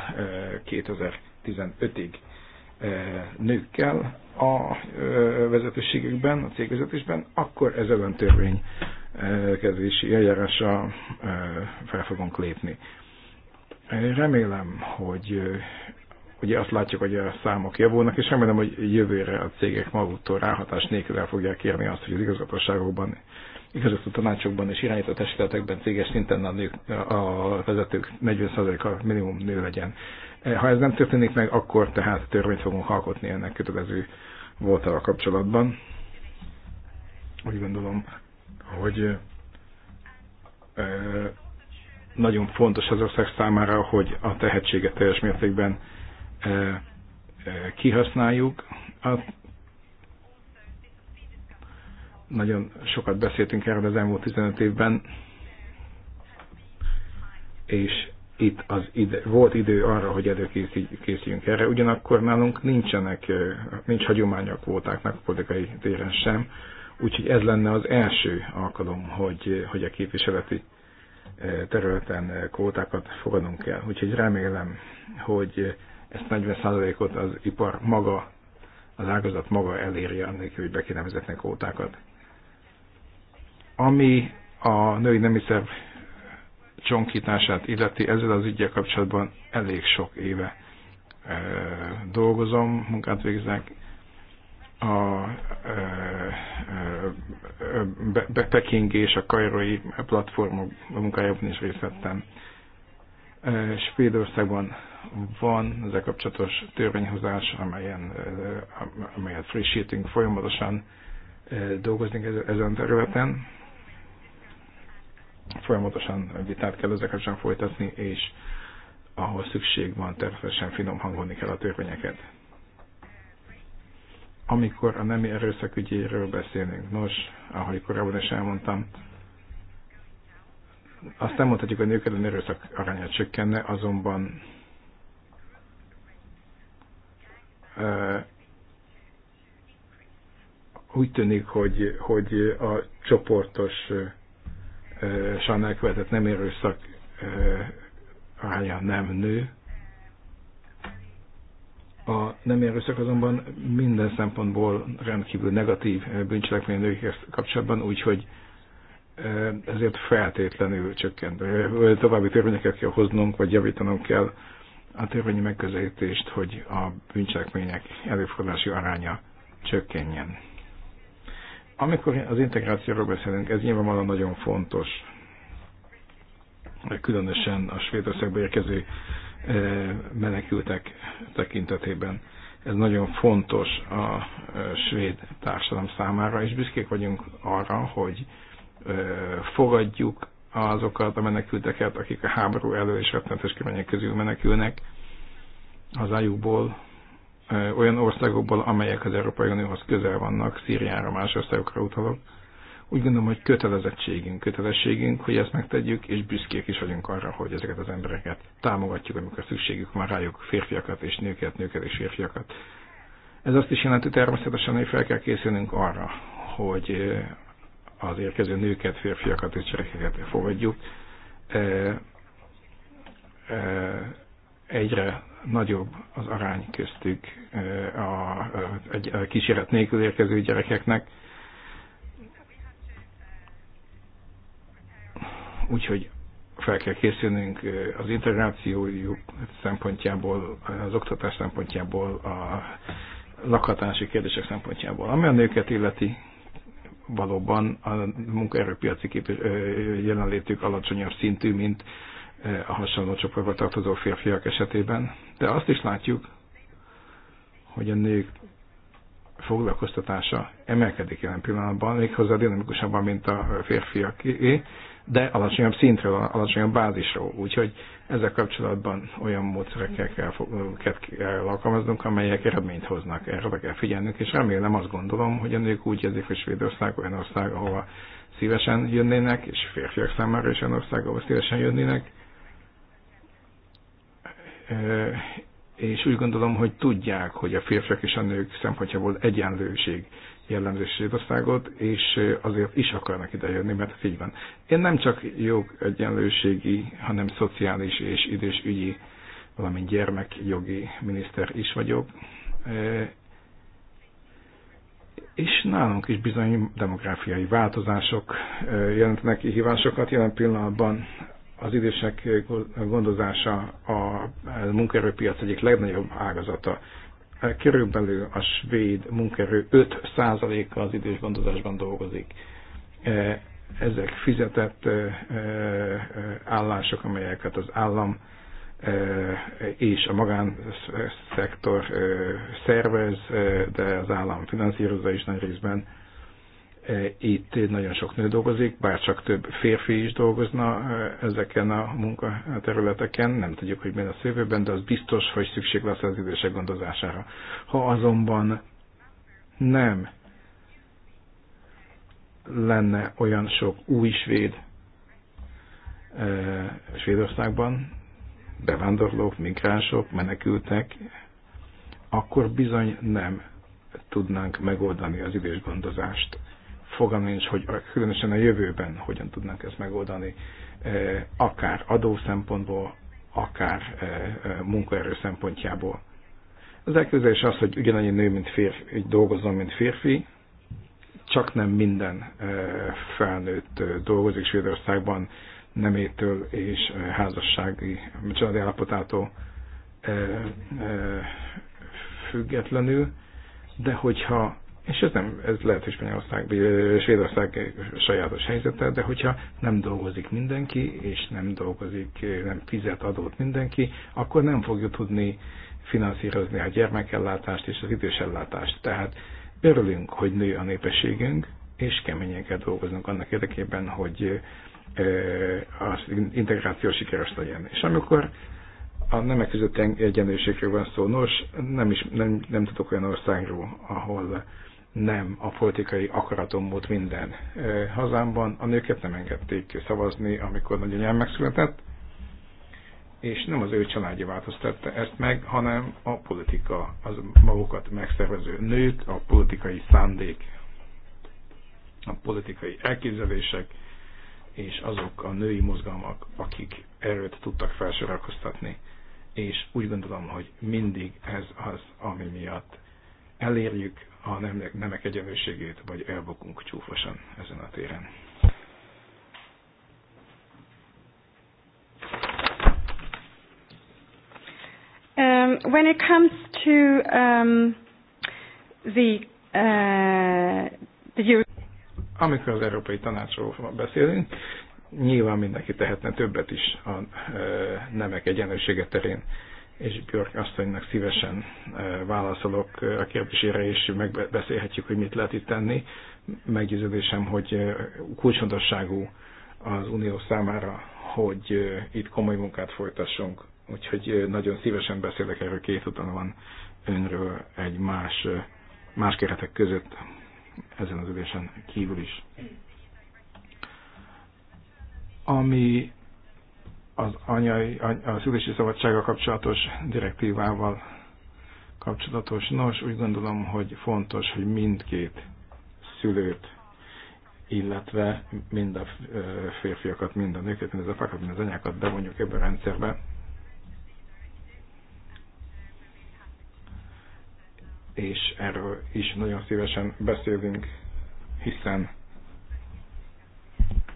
2015-ig nőkkel a vezetőségükben, a cégvezetésben, akkor ez ellen törvény kezdési eljárásra fel fogunk lépni. Remélem, hogy ugye azt látjuk, hogy a számok javulnak, és remélem, hogy jövőre a cégek maguktól ráhatás nélkül el fogják kérni azt, hogy az igazgatóságokban, igazgató tanácsokban és irányított testületekben céges szinten a, nők, a vezetők 40%-a minimum nő legyen. Ha ez nem történik meg, akkor tehát törvényt fogunk alkotni ennek kötelező voltal a kapcsolatban. Úgy gondolom, hogy nagyon fontos az ország számára, hogy a tehetséget teljes mértékben kihasználjuk. A nagyon sokat beszéltünk erről az elmúlt 15 évben, és itt az ide, volt idő arra, hogy előkészüljünk erre, ugyanakkor nálunk nincsenek, nincs hagyománya a kvótáknak politikai téren sem, úgyhogy ez lenne az első alkalom, hogy, hogy a képviseleti területen kvótákat fogadunk el. Úgyhogy remélem, hogy ezt 40%-ot az ipar maga, az ágazat maga eléri, annélkül, hogy be kéne vezetni kvótákat. Ami a női nemi csonkítását illeti, ezzel az ügyel kapcsolatban elég sok éve e, dolgozom, munkát végzek, a e, e, Peking és a kairói platformok munkájában is részt vettem. Svédországban van ezzel kapcsolatos törvényhozás, amelyen, amelyet free folyamatosan dolgozni ezen területen. Folyamatosan vitát kell kapcsán folytatni, és ahol szükség van, természetesen finom hangolni kell a törvényeket. Amikor a nemi erőszak ügyéről beszélünk, nos, ahogy korábban is elmondtam, azt nem mondhatjuk, hogy a nők erőszak aránya csökkenne, azonban úgy tűnik, hogy, hogy a csoportos erőszaksan eh, elkövetett nem erőszak eh, aránya nem nő. A nem erőszak azonban minden szempontból rendkívül negatív eh, bűncselekmény nőkhez kapcsolatban, úgyhogy ezért feltétlenül csökkent. További törvényeket kell hoznunk, vagy javítanunk kell a törvényi megközelítést, hogy a bűncselekmények előfordulási aránya csökkenjen. Amikor az integrációról beszélünk, ez nyilvánvalóan nagyon fontos, különösen a Svédországba érkező e, menekültek tekintetében. Ez nagyon fontos a e, svéd társadalom számára, és büszkék vagyunk arra, hogy e, fogadjuk azokat a menekülteket, akik a háború elő és rettenetes körülmények közül menekülnek hazájukból, olyan országokból, amelyek az Európai Unióhoz közel vannak, Szíriára, más országokra utalok. Úgy gondolom, hogy kötelezettségünk, kötelességünk, hogy ezt megtegyük, és büszkék is vagyunk arra, hogy ezeket az embereket támogatjuk, amikor szükségük van rájuk, férfiakat és nőket, nőket és férfiakat. Ez azt is jelenti természetesen, hogy fel kell készülnünk arra, hogy az érkező nőket, férfiakat és gyerekeket fogadjuk. Egyre nagyobb az arány köztük a, a, a kísérlet nélkül érkező gyerekeknek. Úgyhogy fel kell készülnünk az integrációjuk szempontjából, az oktatás szempontjából, a lakhatási kérdések szempontjából. Ami a nőket illeti, valóban a munkaerőpiaci jelenlétük alacsonyabb szintű, mint a hasonló csoportba tartozó férfiak esetében, de azt is látjuk, hogy a nők foglalkoztatása emelkedik jelen pillanatban, méghozzá dinamikusabban, mint a férfiaké, de alacsonyabb szintről, alacsonyabb bázisról. Úgyhogy ezzel kapcsolatban olyan módszerekkel kell, kell alkalmaznunk, amelyek eredményt hoznak. Erre kell figyelnünk, és remélem azt gondolom, hogy a nők úgy érzik, hogy Svédország olyan ország, ahova szívesen jönnének, és férfiak számára is olyan ország, ahova szívesen jönnének, és úgy gondolom, hogy tudják, hogy a férfiak és a nők szempontjából egyenlőség jellemző Svédországot, és azért is akarnak idejönni, mert ez így van. Én nem csak jog egyenlőségi, hanem szociális és idősügyi, valamint gyermekjogi miniszter is vagyok. És nálunk is bizony demográfiai változások jelentenek kihívásokat. Jelen pillanatban az idősek gondozása a munkaerőpiac egyik legnagyobb ágazata. Körülbelül a svéd munkaerő 5%-a az idős gondozásban dolgozik. E, ezek fizetett e, e, állások, amelyeket az állam és a magánszektor szervez, de az állam finanszírozza is nagy részben Eh, itt nagyon sok nő dolgozik, bár csak több férfi is dolgozna eh, ezeken a munkaterületeken. Nem tudjuk, hogy milyen a szövőben, de az biztos, hogy szükség lesz az idősek gondozására. Ha azonban nem lenne olyan sok új svéd eh, Svédországban, bevándorlók, migránsok, menekültek, akkor bizony nem tudnánk megoldani az idősgondozást fogalm nincs, hogy különösen a jövőben hogyan tudnak ezt megoldani, e, akár adó szempontból, akár e, e, munkaerő szempontjából. Az elképzelés az, hogy ugyanannyi nő, mint férfi, dolgozom, mint férfi, csak nem minden felnőtt dolgozik Svédországban nemétől és házassági családi állapotától függetlenül, de hogyha és ez, nem, ez lehet, hogy Spanyolország, Svédország sajátos helyzete, de hogyha nem dolgozik mindenki, és nem dolgozik, nem fizet adót mindenki, akkor nem fogja tudni finanszírozni a gyermekellátást és az idősellátást. Tehát örülünk, hogy nő a népességünk, és keményen kell dolgoznunk annak érdekében, hogy az integráció sikeres legyen. És amikor a nemek között egyenlőségről van szó, nos, nem, is, nem, nem tudok olyan országról, ahol nem a politikai akaratom volt minden. Hazámban a nőket nem engedték szavazni, amikor nagyanyám megszületett, és nem az ő családja változtatta ezt meg, hanem a politika, az magukat megszervező nők, a politikai szándék, a politikai elképzelések, és azok a női mozgalmak, akik erőt tudtak felsorakoztatni. És úgy gondolom, hogy mindig ez az, ami miatt elérjük a nemek egyenlőségét, vagy elbukunk csúfosan ezen a téren. Um, when it comes to um, the, uh, the Amikor az Európai Tanácsról beszélünk, nyilván mindenki tehetne többet is a uh, nemek egyenlősége terén. Uh, és Björk asszonynak szívesen e, válaszolok a kérdésére, és megbeszélhetjük, hogy mit lehet itt tenni. Meggyőződésem, hogy e, kulcsfontosságú az Unió számára, hogy e, itt komoly munkát folytassunk. Úgyhogy nagyon szívesen beszélek erről két után van önről egy más, más keretek között ezen az ülésen kívül is. Ami az anyai, a szülési szabadsága kapcsolatos direktívával kapcsolatos. Nos, úgy gondolom, hogy fontos, hogy mindkét szülőt, illetve mind a férfiakat, mind a nőket, mind az apákat, mind az anyákat bevonjuk ebbe a rendszerbe. És erről is nagyon szívesen beszélünk, hiszen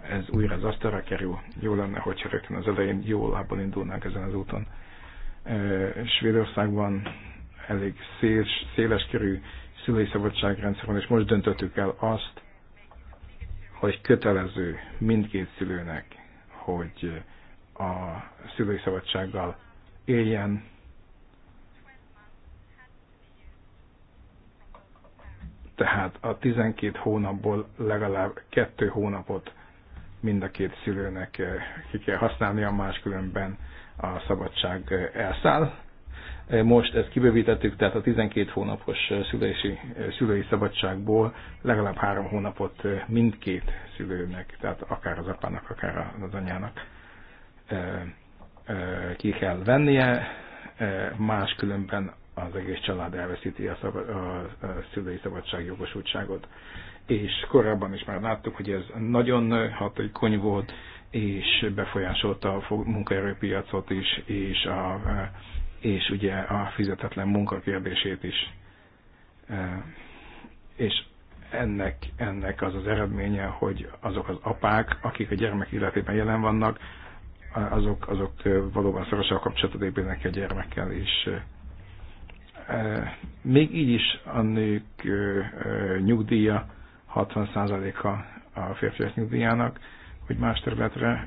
ez újra az asztalra kerül. Jó lenne, hogyha rögtön az elején jó lábbal indulnánk ezen az úton. Svédországban elég széles, széles körű szülői szabadságrendszer van, és most döntöttük el azt, hogy kötelező mindkét szülőnek, hogy a szülői szabadsággal éljen, tehát a 12 hónapból legalább 2 hónapot mind a két szülőnek eh, ki kell más különben a szabadság eh, elszáll. Eh, most ezt kibővítettük, tehát a 12 hónapos szülési, szülői szabadságból legalább három hónapot mindkét szülőnek, tehát akár az apának, akár az anyának ki kell vennie, különben az egész család elveszíti a, szabad, a szülői szabadság jogosultságot és korábban is már láttuk, hogy ez nagyon hatékony volt, és befolyásolta a munkaerőpiacot is, és, a, és ugye a fizetetlen munka kérdését is. E, és ennek, ennek az az eredménye, hogy azok az apák, akik a gyermek életében jelen vannak, azok, azok valóban szorosan kapcsolatot épülnek a gyermekkel, és e, még így is a nők e, nyugdíja 60%-a a férfiak nyugdíjának, hogy más területre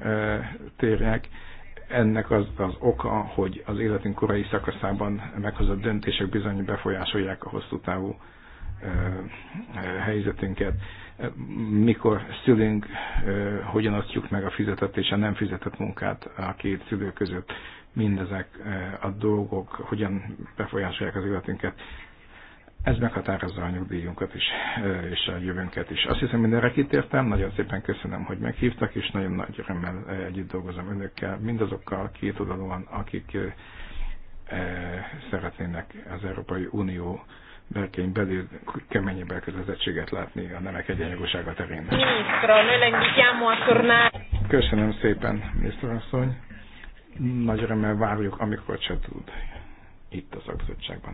térjek. Ennek az az oka, hogy az életünk korai szakaszában meghozott döntések bizony befolyásolják a hosszú távú helyzetünket, mikor szülünk, hogyan osztjuk meg a fizetett és a nem fizetett munkát a két szülő között, mindezek a dolgok hogyan befolyásolják az életünket. Ez meghatározza a nyugdíjunkat is, és a jövőnket is. Azt hiszem, mindenre kitértem. Nagyon szépen köszönöm, hogy meghívtak, és nagyon nagy örömmel együtt dolgozom önökkel, mindazokkal két oldalon, akik szeretnének az Európai Unió berkein belül keményebb elkötelezettséget látni a nemek egyenjogúsága terén. Köszönöm szépen, Asszony. Nagy örömmel várjuk, amikor se tud itt a szakbizottságban.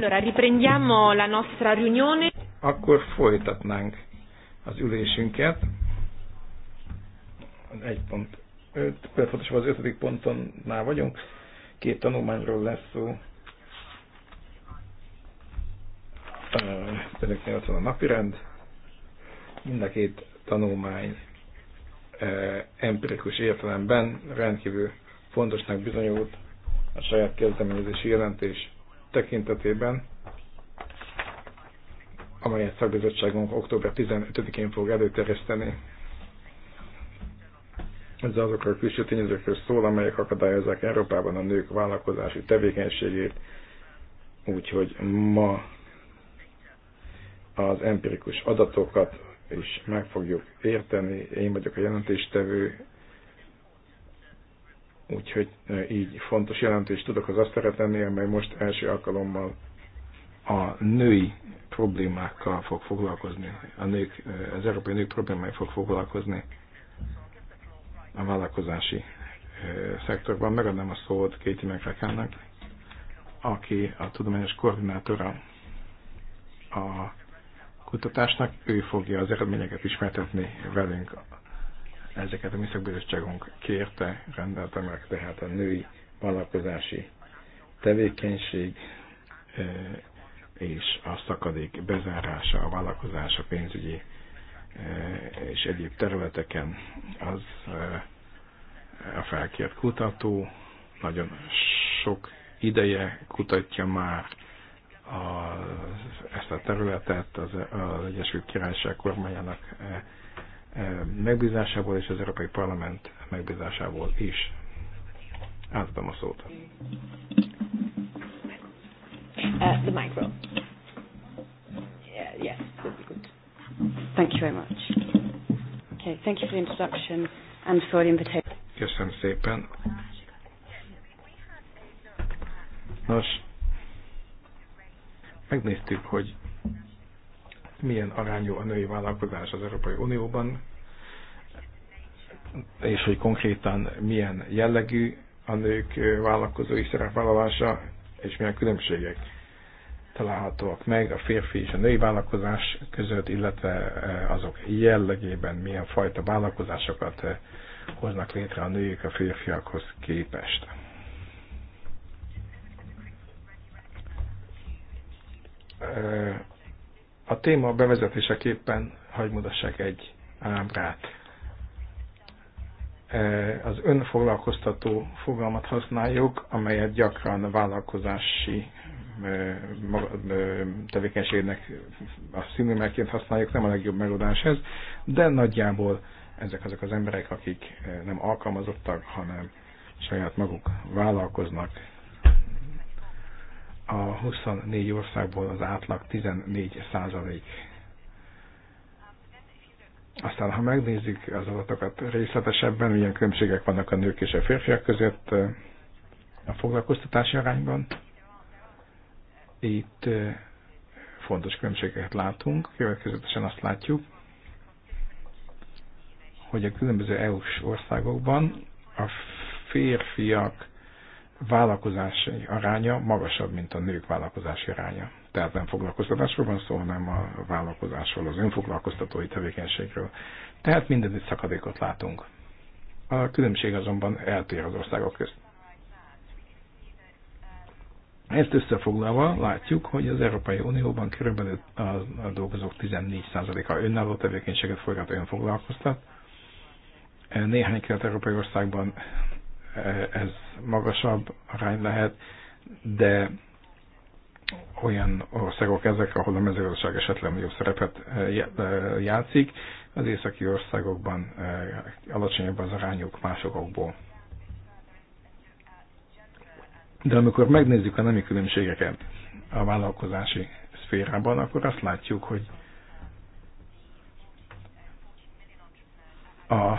Allora, riprendiamo la nostra riunione. Akkor folytatnánk az ülésünket. 1.5, pontosabban az 5. pontonnál vagyunk. Két tanulmányról lesz szó. Önöknél ott van a napirend. Mind a két tanulmány empirikus értelemben rendkívül fontosnak bizonyult a saját kezdeményezési jelentés tekintetében, amelyet szakbizottságunk október 15-én fog előterjeszteni. Ez azokról a külső tényezőkről szól, amelyek akadályozzák Európában a nők vállalkozási tevékenységét, úgyhogy ma az empirikus adatokat is meg fogjuk érteni. Én vagyok a jelentéstevő, Úgyhogy így fontos jelentést tudok az azt tenni, amely most első alkalommal a női problémákkal fog foglalkozni, a nők, az európai nők problémákkal fog foglalkozni a vállalkozási szektorban. Megadnám a szót Kéti McFackennek, aki a tudományos koordinátora a kutatásnak, ő fogja az eredményeket ismertetni velünk Ezeket a Műszakbizottságunk kérte, rendelte meg tehát a női vállalkozási tevékenység és a szakadék bezárása, a vállalkozás a pénzügyi és egyéb területeken az a felkért kutató nagyon sok ideje kutatja már az, ezt a területet, az, az Egyesült Királyság kormányának megbízásából és az Európai Parlament megbízásából is. Átadom a szót. Uh, the micro. Yeah, yes, would be good. Thank you very much. Okay, thank you for the introduction and for the invitation. Köszönöm szépen. Nos, megnéztük, hogy milyen arányú a női vállalkozás az Európai Unióban, és hogy konkrétan milyen jellegű a nők vállalkozói szerepvállalása, és milyen különbségek találhatóak meg a férfi és a női vállalkozás között, illetve azok jellegében milyen fajta vállalkozásokat hoznak létre a nők a férfiakhoz képest. A téma bevezetéseképpen hagy mutassak egy ábrát. E, az önfoglalkoztató fogalmat használjuk, amelyet gyakran vállalkozási e, e, tevékenységnek a szinonimáként használjuk, nem a legjobb megoldás ez, de nagyjából ezek azok az emberek, akik nem alkalmazottak, hanem saját maguk vállalkoznak, a 24 országból az átlag 14 százalék. Aztán, ha megnézzük az adatokat részletesebben, milyen különbségek vannak a nők és a férfiak között a foglalkoztatási arányban, itt fontos különbségeket látunk. Következetesen azt látjuk, hogy a különböző EU-s országokban a férfiak vállalkozási aránya magasabb, mint a nők vállalkozási aránya. Tehát nem foglalkoztatásról van szó, hanem a vállalkozásról, az önfoglalkoztatói tevékenységről. Tehát minden itt szakadékot látunk. A különbség azonban eltér az országok közt. Ezt összefoglalva látjuk, hogy az Európai Unióban körülbelül a dolgozók 14%-a önálló tevékenységet folytat önfoglalkoztat. Néhány kelet-európai országban ez magasabb arány lehet, de olyan országok ezek, ahol a mezőgazdaság esetleg nagyobb szerepet eh, eh, játszik, az északi országokban eh, alacsonyabb az arányuk másokból. De amikor megnézzük a nemi különbségeket a vállalkozási szférában, akkor azt látjuk, hogy a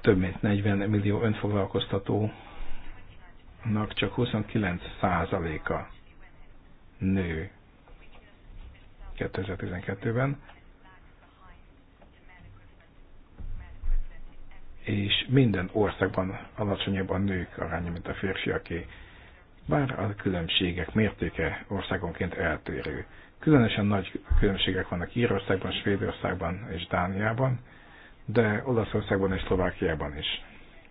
több mint 40 millió önfoglalkoztatónak csak 29 százaléka nő 2012-ben, és minden országban alacsonyabb a nők aránya, mint a férfiaké, bár a különbségek mértéke országonként eltérő. Különösen nagy különbségek vannak Írországban, Svédországban és Dániában, de Olaszországban és Szlovákiában is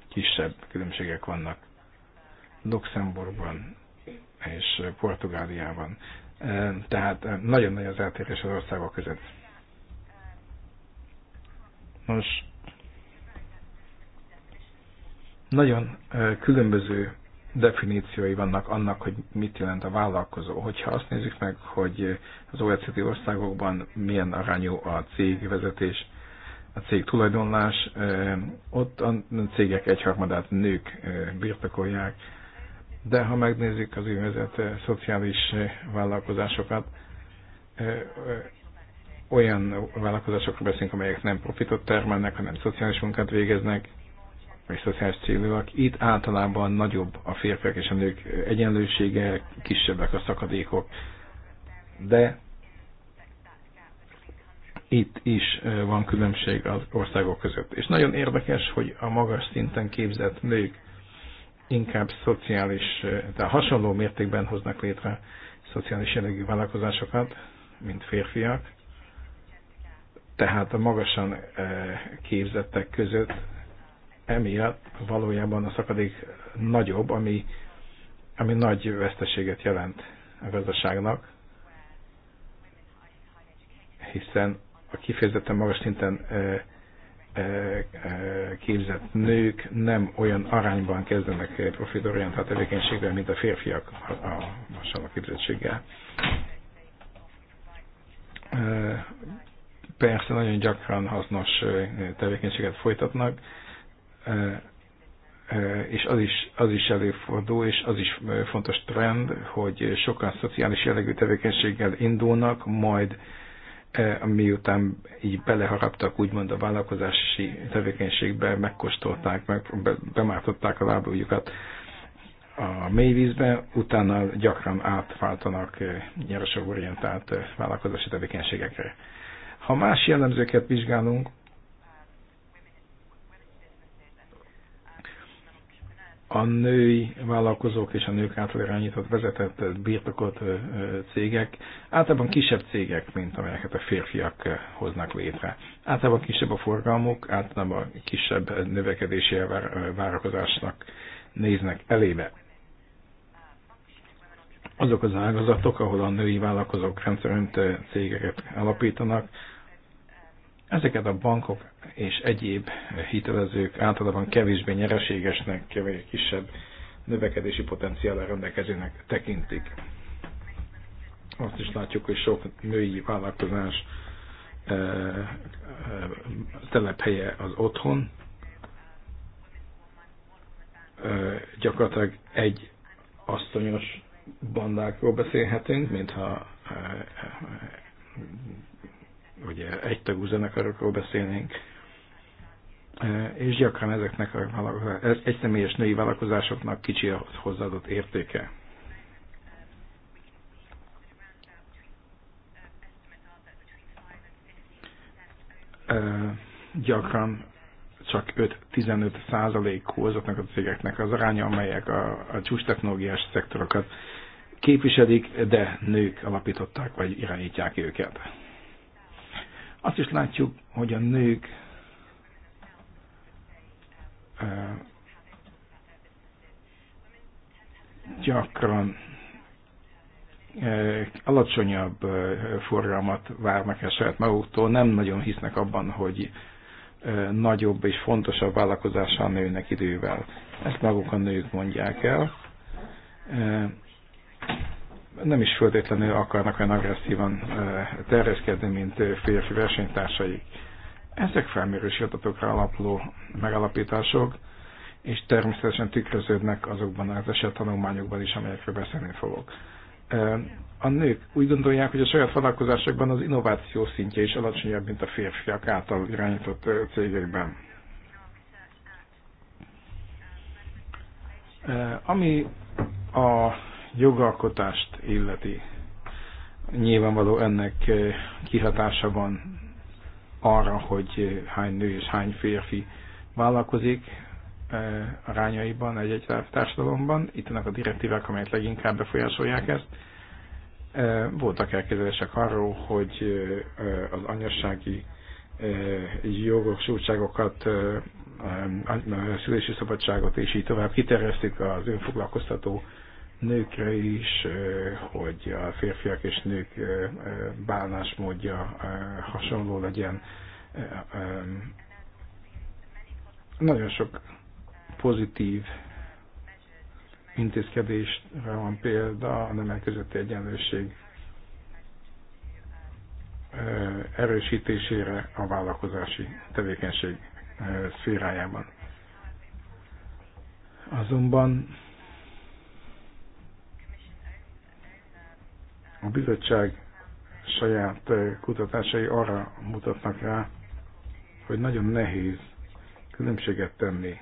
kisebb különbségek vannak. Luxemburgban és Portugáliában. Tehát nagyon nagy az eltérés az országok között. Nos, nagyon különböző definíciói vannak annak, hogy mit jelent a vállalkozó. Hogyha azt nézzük meg, hogy az OECD országokban milyen arányú a cégvezetés, a cég tulajdonlás, ott a cégek egyharmadát nők birtokolják, de ha megnézzük az úgynevezett szociális vállalkozásokat, olyan vállalkozásokról beszélünk, amelyek nem profitot termelnek, hanem szociális munkát végeznek, vagy szociális célúak. Itt általában nagyobb a férfiak és a nők egyenlősége, kisebbek a szakadékok, de itt is van különbség az országok között. És nagyon érdekes, hogy a magas szinten képzett nők inkább szociális, tehát hasonló mértékben hoznak létre szociális jellegű vállalkozásokat, mint férfiak. Tehát a magasan képzettek között emiatt valójában a szakadék nagyobb, ami, ami nagy veszteséget jelent a gazdaságnak, hiszen kifejezetten magas szinten képzett nők nem olyan arányban kezdenek profitorientált tevékenységgel, mint a férfiak a hasonló képzettséggel. Persze nagyon gyakran hasznos tevékenységet folytatnak, és az is, az is előfordul, és az is fontos trend, hogy sokan szociális jellegű tevékenységgel indulnak, majd E, miután így beleharaptak úgymond a vállalkozási tevékenységbe, megkóstolták, meg bemártották a lábújukat a mélyvízbe, utána gyakran átváltanak e, orientált e, vállalkozási tevékenységekre. Ha más jellemzőket vizsgálunk, a női vállalkozók és a nők által irányított, vezetett, birtokolt cégek általában kisebb cégek, mint amelyeket a férfiak hoznak létre. Általában kisebb a forgalmuk, általában kisebb növekedési várakozásnak néznek elébe. Azok az ágazatok, ahol a női vállalkozók rendszerint cégeket alapítanak, Ezeket a bankok és egyéb hitelezők általában kevésbé nyereségesnek, kevésbé kisebb növekedési potenciállal rendelkezőnek tekintik. Azt is látjuk, hogy sok női vállalkozás eh, telephelye az otthon. Eh, gyakorlatilag egy asszonyos bandákról beszélhetünk, mintha eh, ugye tagú zenekarokról beszélnénk, e, és gyakran ezeknek a személyes női vállalkozásoknak kicsi a hozzáadott értéke. E, gyakran csak 5-15 százalékú azoknak a cégeknek az aránya, amelyek a, a csúcs technológiás szektorokat képviselik, de nők alapították vagy irányítják őket. Azt is látjuk, hogy a nők gyakran alacsonyabb forgalmat várnak el saját maguktól, nem nagyon hisznek abban, hogy nagyobb és fontosabb vállalkozással nőnek idővel. Ezt maguk a nők mondják el nem is föltétlenül akarnak olyan agresszívan terjeszkedni, mint férfi versenytársaik. Ezek felmérési adatokra alapuló megalapítások, és természetesen tükröződnek azokban az tanulmányokban is, amelyekről beszélni fogok. A nők úgy gondolják, hogy a saját vállalkozásokban az innováció szintje is alacsonyabb, mint a férfiak által irányított cégekben. Ami a jogalkotást illeti, nyilvánvaló ennek eh, kihatása van arra, hogy eh, hány nő és hány férfi vállalkozik eh, arányaiban egy-egy társadalomban. Itt ennek a direktívák, amelyek leginkább befolyásolják ezt. Voltak elképzelések arról, hogy az anyassági jogosultságokat, a szülési szabadságot és így tovább kiterjesztik az önfoglalkoztató nőkre is, hogy a férfiak és nők bánásmódja hasonló legyen. Nagyon sok pozitív intézkedésre van példa, a nemek közötti egyenlőség erősítésére a vállalkozási tevékenység szférájában. Azonban A bizottság saját eh, kutatásai arra mutatnak rá, hogy nagyon nehéz különbséget tenni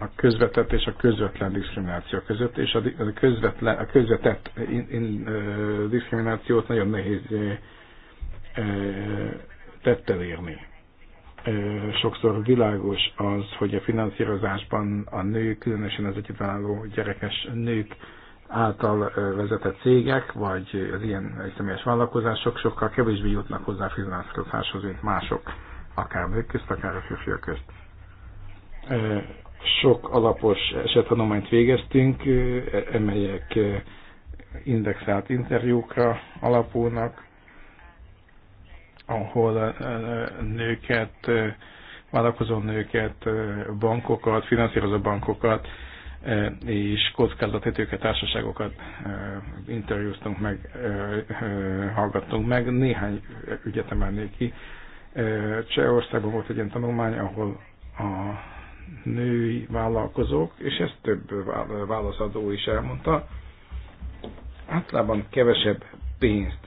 a közvetett és a közvetlen diszkrimináció között, és a, közvetlen, a közvetett in, in, uh, diszkriminációt nagyon nehéz uh, tettel érni. Uh, sokszor világos az, hogy a finanszírozásban a nők, különösen az egyetlenálló gyerekes nők uh, által vezetett cégek, vagy az ilyen személyes vállalkozások sokkal kevésbé jutnak hozzá finanszírozáshoz, mint mások, akár nők közt, akár a férfiak közt. Sok alapos esetanományt végeztünk, emelyek indexált interjúkra alapulnak, ahol nőket, vállalkozó nőket, bankokat, finanszírozó bankokat, E, és kockázatítőke társaságokat e, interjúztunk meg, e, hallgattunk meg. Néhány ügyet emelnék ki. Csehországban volt egy ilyen tanulmány, ahol a női vállalkozók, és ezt több válaszadó is elmondta, általában kevesebb pénzt,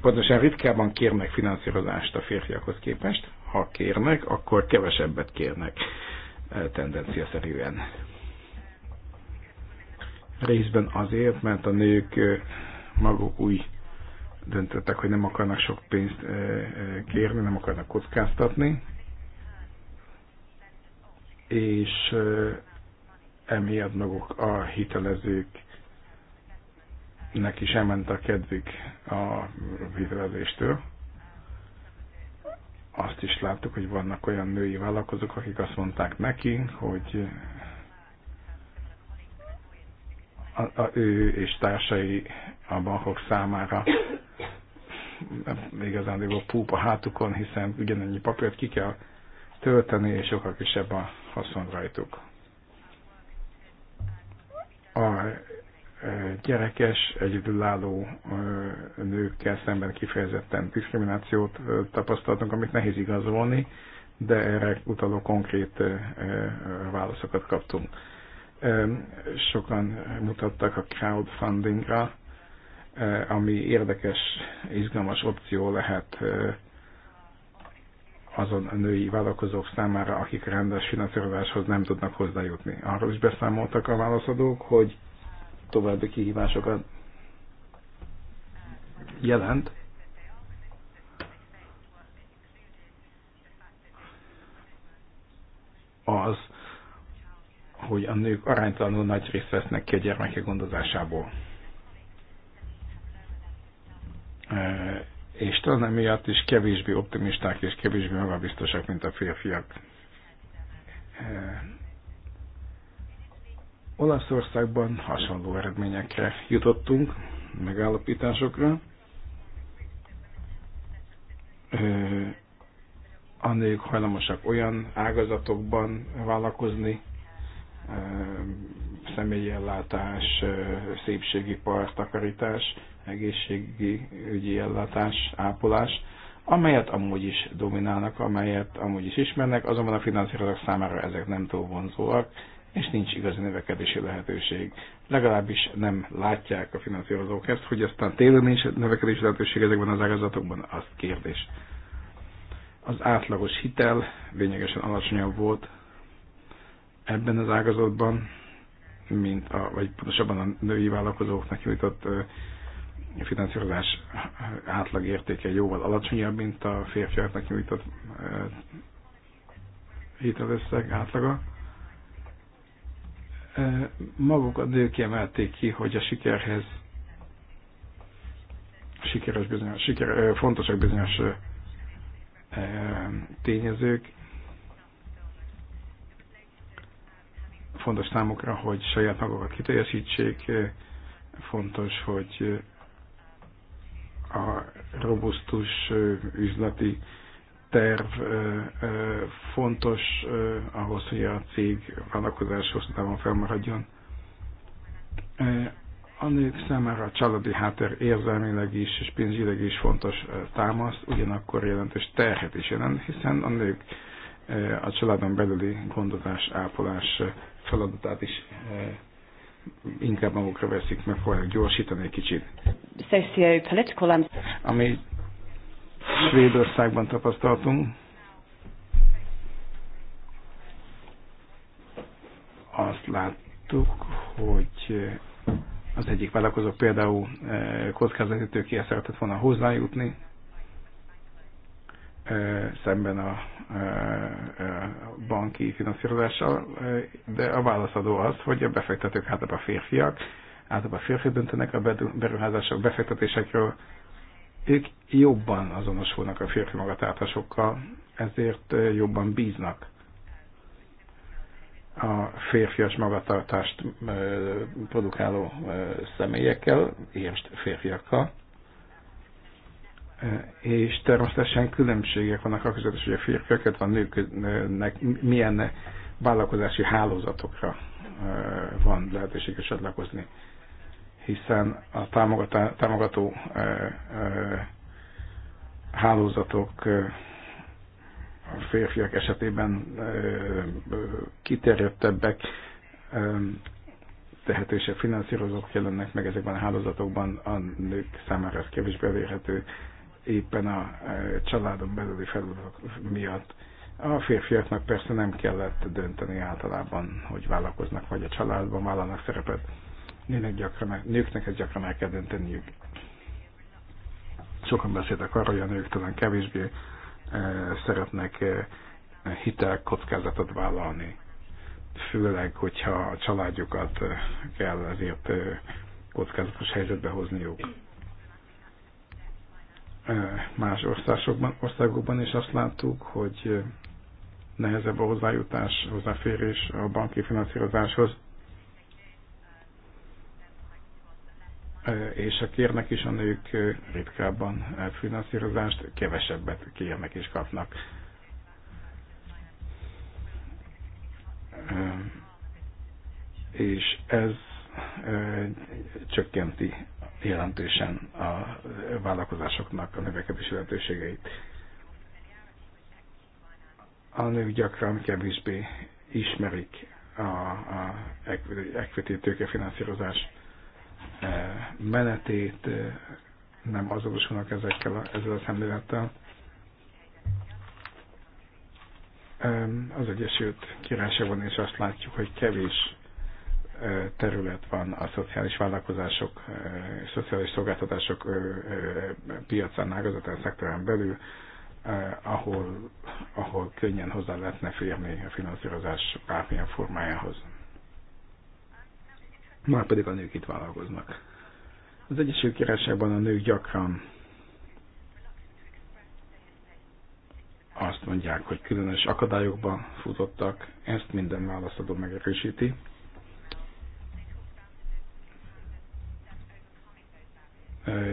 pontosan ritkábban kérnek finanszírozást a férfiakhoz képest, ha kérnek, akkor kevesebbet kérnek tendencia szerűen Részben azért, mert a nők maguk úgy döntöttek, hogy nem akarnak sok pénzt kérni, nem akarnak kockáztatni, és emiatt maguk a hitelezőknek is elment a kedvük a hitelezéstől. Azt is láttuk, hogy vannak olyan női vállalkozók, akik azt mondták neki, hogy a, a, ő és társai a bankok számára a púp a hátukon, hiszen ugyanannyi papírt ki kell tölteni, és sokkal kisebb a haszon rajtuk. A e, gyerekes, egyedülálló e, nőkkel szemben kifejezetten diszkriminációt e, tapasztaltunk, amit nehéz igazolni, de erre utaló konkrét válaszokat kaptunk Sokan mutattak a crowdfundingra, eh, ami érdekes, izgalmas opció lehet eh, azon a női vállalkozók számára, akik rendes finanszírozáshoz nem tudnak hozzájutni. Arról is beszámoltak a válaszadók, hogy további kihívásokat jelent. Az, hogy a nők aránytalanul nagy részt vesznek ki a gyermeke gondozásából. És talán emiatt is kevésbé optimisták és kevésbé magabiztosak, mint a férfiak. Olaszországban hasonló eredményekre jutottunk, megállapításokra. A nők hajlamosak olyan ágazatokban vállalkozni, személyellátás, szépségipar, takarítás, egészségi ügyi ellátás, ápolás, amelyet amúgy is dominálnak, amelyet amúgy is ismernek, azonban a finanszírozók számára ezek nem túl vonzóak, és nincs igazi növekedési lehetőség. Legalábbis nem látják a finanszírozók ezt, hogy aztán télen is növekedési lehetőség ezekben az ágazatokban, az kérdés. Az átlagos hitel lényegesen alacsonyabb volt, ebben az ágazatban, mint a, vagy pontosabban a női vállalkozóknak nyújtott finanszírozás átlagértéke jóval alacsonyabb, mint a férfiaknak nyújtott hitelösszeg átlaga. Maguk a nők kiemelték ki, hogy a sikerhez sikeres bizonyos, siker, fontosak bizonyos tényezők, fontos számukra, hogy saját magukat kiteljesítsék, fontos, hogy a robusztus üzleti terv fontos ahhoz, hogy a cég vállalkozás hosszú távon felmaradjon. A nők számára a családi háttér érzelmileg is és pénzügyileg is fontos támaszt, ugyanakkor jelentős terhet is jelent, hiszen a nők a családon belüli gondozás, ápolás feladatát is eh, inkább magukra veszik, meg fogják gyorsítani egy kicsit. Ami Svédországban tapasztaltunk, azt láttuk, hogy az egyik vállalkozó például eh, kockázati tőkéhez szeretett volna hozzájutni, szemben a banki finanszírozással, de a válaszadó az, hogy a befektetők általában férfiak, általában férfi döntenek a beruházások, befektetésekről, ők jobban azonosulnak a férfi magatartásokkal, ezért jobban bíznak a férfias magatartást produkáló személyekkel, és férfiakkal és természetesen különbségek vannak a között, hogy a férfiaket van nőknek milyen vállalkozási hálózatokra van lehetőség csatlakozni. Hiszen a támogató, támogató hálózatok a férfiak esetében kiterjedtebbek, tehetősebb finanszírozók jelennek meg ezekben a hálózatokban, a nők számára ez kevésbé elérhető éppen a e, családon belüli feladatok miatt. A férfiaknak persze nem kellett dönteni általában, hogy vállalkoznak, vagy a családban vállalnak szerepet. Nőnek gyakran, nőknek ez gyakran el kell dönteniük. Sokan beszéltek arról, hogy a nők talán kevésbé e, szeretnek e, hitel kockázatot vállalni. Főleg, hogyha a családjukat kell ezért kockázatos helyzetbe hozniuk más országokban, országokban is azt láttuk, hogy nehezebb a hozzájutás, hozzáférés a banki finanszírozáshoz, és a kérnek is a nők ritkábban finanszírozást, kevesebbet kérnek és kapnak. És ez csökkenti jelentősen a vállalkozásoknak a növekedés lehetőségeit. A nők gyakran kevésbé ismerik a, a equity tőkefinanszírozás e, menetét, e, nem azonosulnak ezekkel a, ezzel a szemlélettel. Az Egyesült Királyságban is azt látjuk, hogy kevés terület van a szociális vállalkozások, szociális szolgáltatások piacán, ágazatán, szektorán belül, ahol, ahol könnyen hozzá lehetne férni a finanszírozás bármilyen formájához. Már pedig a nők itt vállalkoznak. Az Egyesült Királyságban a nők gyakran azt mondják, hogy különös akadályokba futottak, ezt minden válaszadó megerősíti.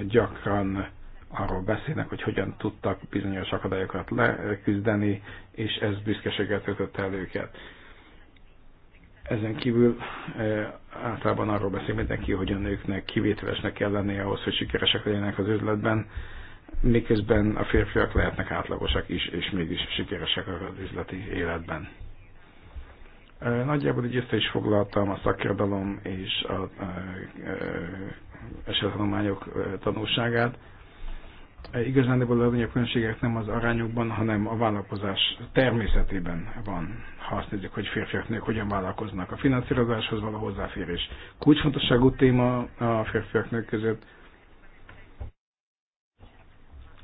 gyakran arról beszélnek, hogy hogyan tudtak bizonyos akadályokat leküzdeni, és ez büszkeséget ötött el őket. Ezen kívül általában arról beszél mindenki, hogy a nőknek kivételesnek kell lenni ahhoz, hogy sikeresek legyenek az üzletben, miközben a férfiak lehetnek átlagosak is, és mégis sikeresek az üzleti életben. Nagyjából így össze is foglaltam a szakirodalom és a esettanulmányok tanulságát. Igazándiból a legnagyobb különbségek nem az arányokban, hanem a vállalkozás természetében van. Ha azt nézzük, hogy férfiak nők hogyan vállalkoznak. A finanszírozáshoz való hozzáférés kulcsfontosságú téma a férfiak nők között.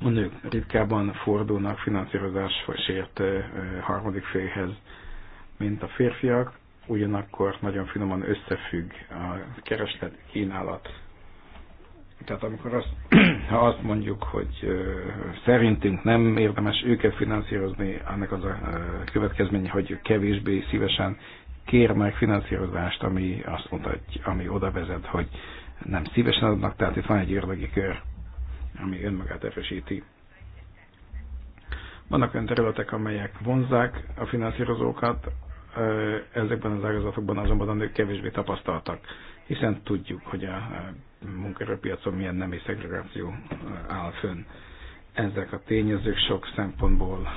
A nők ritkában fordulnak finanszírozásért harmadik félhez mint a férfiak, ugyanakkor nagyon finoman összefügg a kereslet kínálat. Tehát amikor azt, <clears throat> ha azt mondjuk, hogy szerintünk nem érdemes őket finanszírozni, annak az a következménye, hogy kevésbé szívesen kérnek finanszírozást, ami azt mutatja, ami oda vezet, hogy nem szívesen adnak, tehát itt van egy ördögi kör, ami önmagát erősíti. Vannak olyan területek, amelyek vonzák a finanszírozókat, ezekben az ágazatokban azonban a nők kevésbé tapasztaltak, hiszen tudjuk, hogy a munkaerőpiacon milyen nemi szegregáció áll fönn. Ezek a tényezők sok szempontból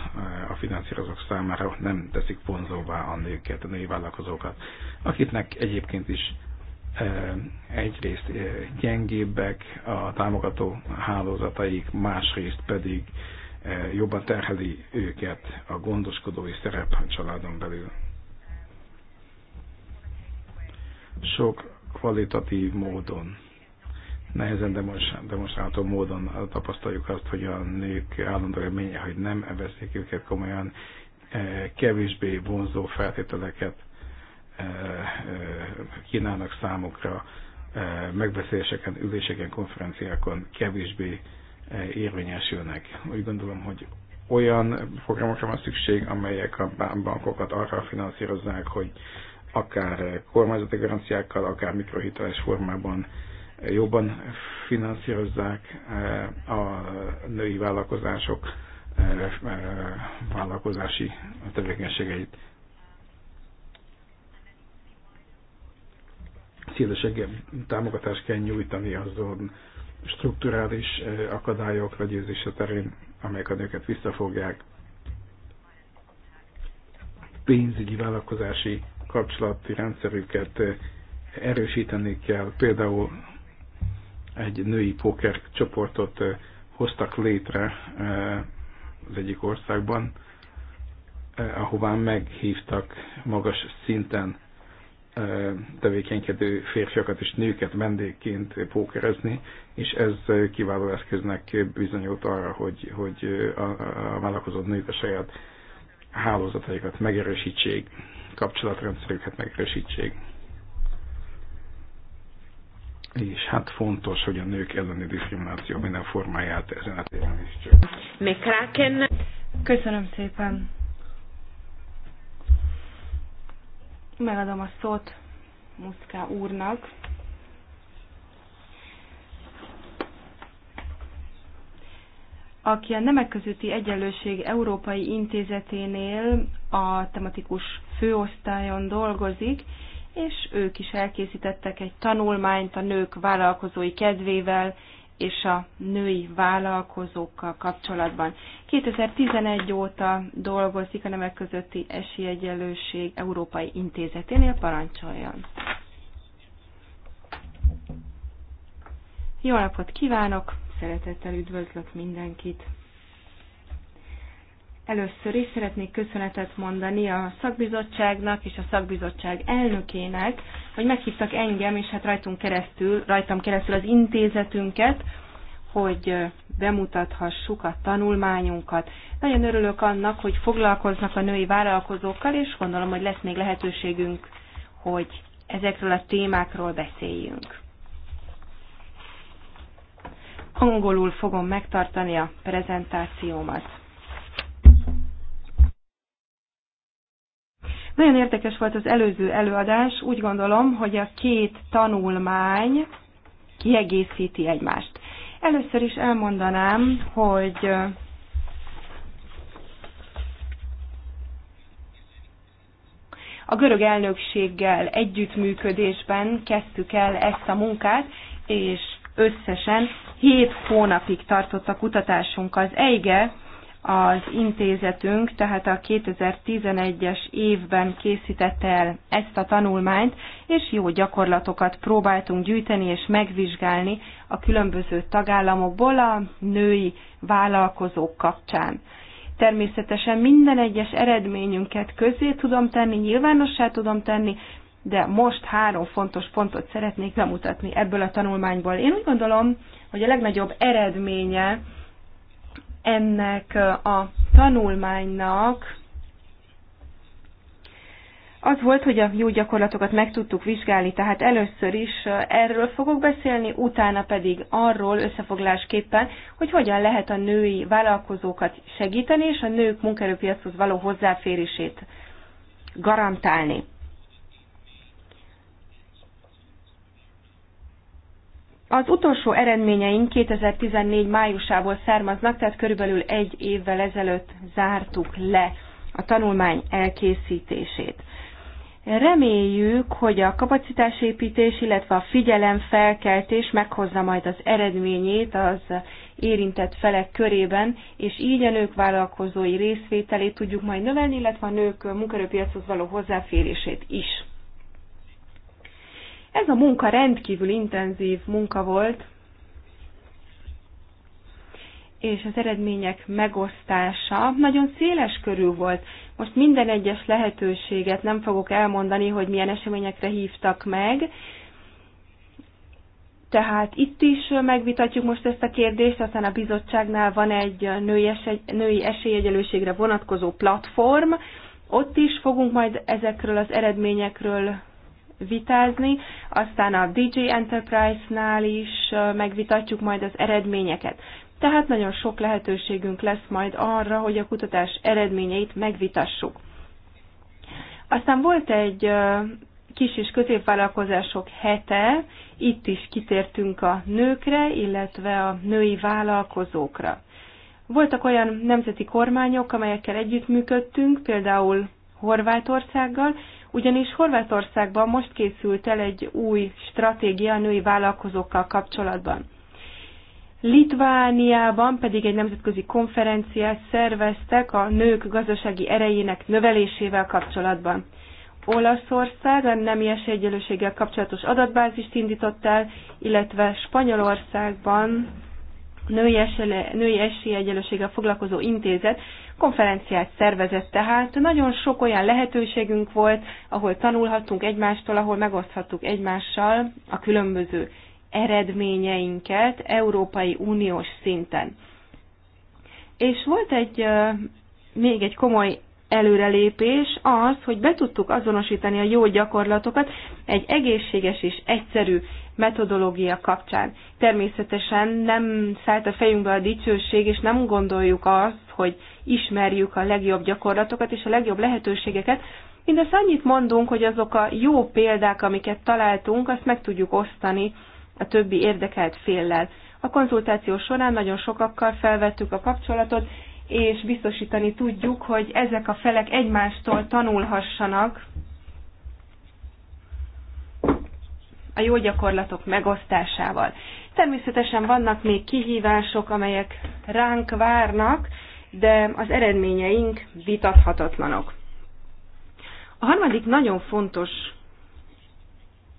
a finanszírozók számára nem teszik vonzóvá a nőket, a női vállalkozókat, akiknek egyébként is egyrészt gyengébbek a támogató hálózataik, másrészt pedig jobban terheli őket a gondoskodói szerep a családon belül. sok kvalitatív módon, nehezen demonstrálható módon tapasztaljuk azt, hogy a nők állandó reménye, hogy nem veszik őket komolyan, e, kevésbé vonzó feltételeket e, e, kínálnak számukra, megbeszéléseken, üléseken, konferenciákon kevésbé érvényesülnek. Úgy gondolom, hogy olyan programokra van szükség, amelyek a bankokat arra finanszírozzák, hogy akár kormányzati garanciákkal, akár mikrohiteles formában jobban finanszírozzák eh, a női vállalkozások eh, eh, vállalkozási tevékenységeit. Szélesebb támogatást kell nyújtani azon strukturális akadályok legyőzése terén, amelyek a nőket visszafogják. Pénzügyi vállalkozási kapcsolati rendszerüket eh, erősíteni kell. Például egy női póker csoportot eh, hoztak létre eh, az egyik országban, ahová meghívtak magas szinten tevékenykedő férfiakat és nőket vendégként pókerezni, és ez kiváló eszköznek bizonyult arra, hogy, hogy a, a nők a saját hálózataikat megerősítsék kapcsolatrendszerüket megerősítsék. És hát fontos, hogy a nők elleni diszkrimináció minden formáját ezen a téren is csak. Köszönöm szépen. Megadom a szót Muszká úrnak. aki a Nemek közötti Egyenlőség Európai Intézeténél a tematikus főosztályon dolgozik, és ők is elkészítettek egy tanulmányt a nők vállalkozói kedvével és a női vállalkozókkal kapcsolatban. 2011 óta dolgozik a nemek közötti esélyegyenlőség Európai Intézeténél, parancsoljon! Jó napot kívánok! Szeretettel üdvözlök mindenkit! Először is szeretnék köszönetet mondani a szakbizottságnak és a szakbizottság elnökének, hogy meghívtak engem, és hát rajtunk keresztül, rajtam keresztül az intézetünket, hogy bemutathassuk a tanulmányunkat. Nagyon örülök annak, hogy foglalkoznak a női vállalkozókkal, és gondolom, hogy lesz még lehetőségünk, hogy ezekről a témákról beszéljünk. Angolul fogom megtartani a prezentációmat. Nagyon érdekes volt az előző előadás. Úgy gondolom, hogy a két tanulmány kiegészíti egymást. Először is elmondanám, hogy a görög elnökséggel együttműködésben kezdtük el ezt a munkát, és összesen 7 hónapig tartott a kutatásunk. Az EIGE az intézetünk, tehát a 2011-es évben készítette el ezt a tanulmányt, és jó gyakorlatokat próbáltunk gyűjteni és megvizsgálni a különböző tagállamokból a női vállalkozók kapcsán. Természetesen minden egyes eredményünket közé tudom tenni, nyilvánossá tudom tenni, de most három fontos pontot szeretnék bemutatni ebből a tanulmányból. Én úgy gondolom, hogy a legnagyobb eredménye, ennek a tanulmánynak az volt, hogy a jó gyakorlatokat meg tudtuk vizsgálni, tehát először is erről fogok beszélni, utána pedig arról összefoglásképpen, hogy hogyan lehet a női vállalkozókat segíteni, és a nők munkerőpiachoz való hozzáférését garantálni. Az utolsó eredményeink 2014 májusából származnak, tehát körülbelül egy évvel ezelőtt zártuk le a tanulmány elkészítését. Reméljük, hogy a kapacitásépítés, illetve a figyelemfelkeltés meghozza majd az eredményét az érintett felek körében, és így a nők vállalkozói részvételét tudjuk majd növelni, illetve a nők munkerőpiachoz való hozzáférését is. Ez a munka rendkívül intenzív munka volt, és az eredmények megosztása nagyon széles körül volt. Most minden egyes lehetőséget nem fogok elmondani, hogy milyen eseményekre hívtak meg, tehát itt is megvitatjuk most ezt a kérdést, aztán a bizottságnál van egy női, esély, női esélyegyelőségre vonatkozó platform, ott is fogunk majd ezekről az eredményekről vitázni, aztán a DJ Enterprise-nál is megvitatjuk majd az eredményeket. Tehát nagyon sok lehetőségünk lesz majd arra, hogy a kutatás eredményeit megvitassuk. Aztán volt egy kis és középvállalkozások hete, itt is kitértünk a nőkre, illetve a női vállalkozókra. Voltak olyan nemzeti kormányok, amelyekkel együttműködtünk, például Horvátországgal, ugyanis Horvátországban most készült el egy új stratégia a női vállalkozókkal kapcsolatban. Litvániában pedig egy nemzetközi konferenciát szerveztek a nők gazdasági erejének növelésével kapcsolatban. Olaszország a nemi esélyegyelőséggel kapcsolatos adatbázist indított el, illetve Spanyolországban női, esélye, női esélyegyenlőséggel foglalkozó intézet konferenciát szervezett tehát. Nagyon sok olyan lehetőségünk volt, ahol tanulhattunk egymástól, ahol megoszthattuk egymással a különböző eredményeinket Európai Uniós szinten. És volt egy még egy komoly előrelépés az, hogy be tudtuk azonosítani a jó gyakorlatokat egy egészséges és egyszerű metodológia kapcsán. Természetesen nem szállt a fejünkbe a dicsőség, és nem gondoljuk azt, hogy ismerjük a legjobb gyakorlatokat és a legjobb lehetőségeket, Mindezt annyit mondunk, hogy azok a jó példák, amiket találtunk, azt meg tudjuk osztani a többi érdekelt féllel. A konzultáció során nagyon sokakkal felvettük a kapcsolatot, és biztosítani tudjuk, hogy ezek a felek egymástól tanulhassanak a jó gyakorlatok megosztásával. Természetesen vannak még kihívások, amelyek ránk várnak, de az eredményeink vitathatatlanok. A harmadik nagyon fontos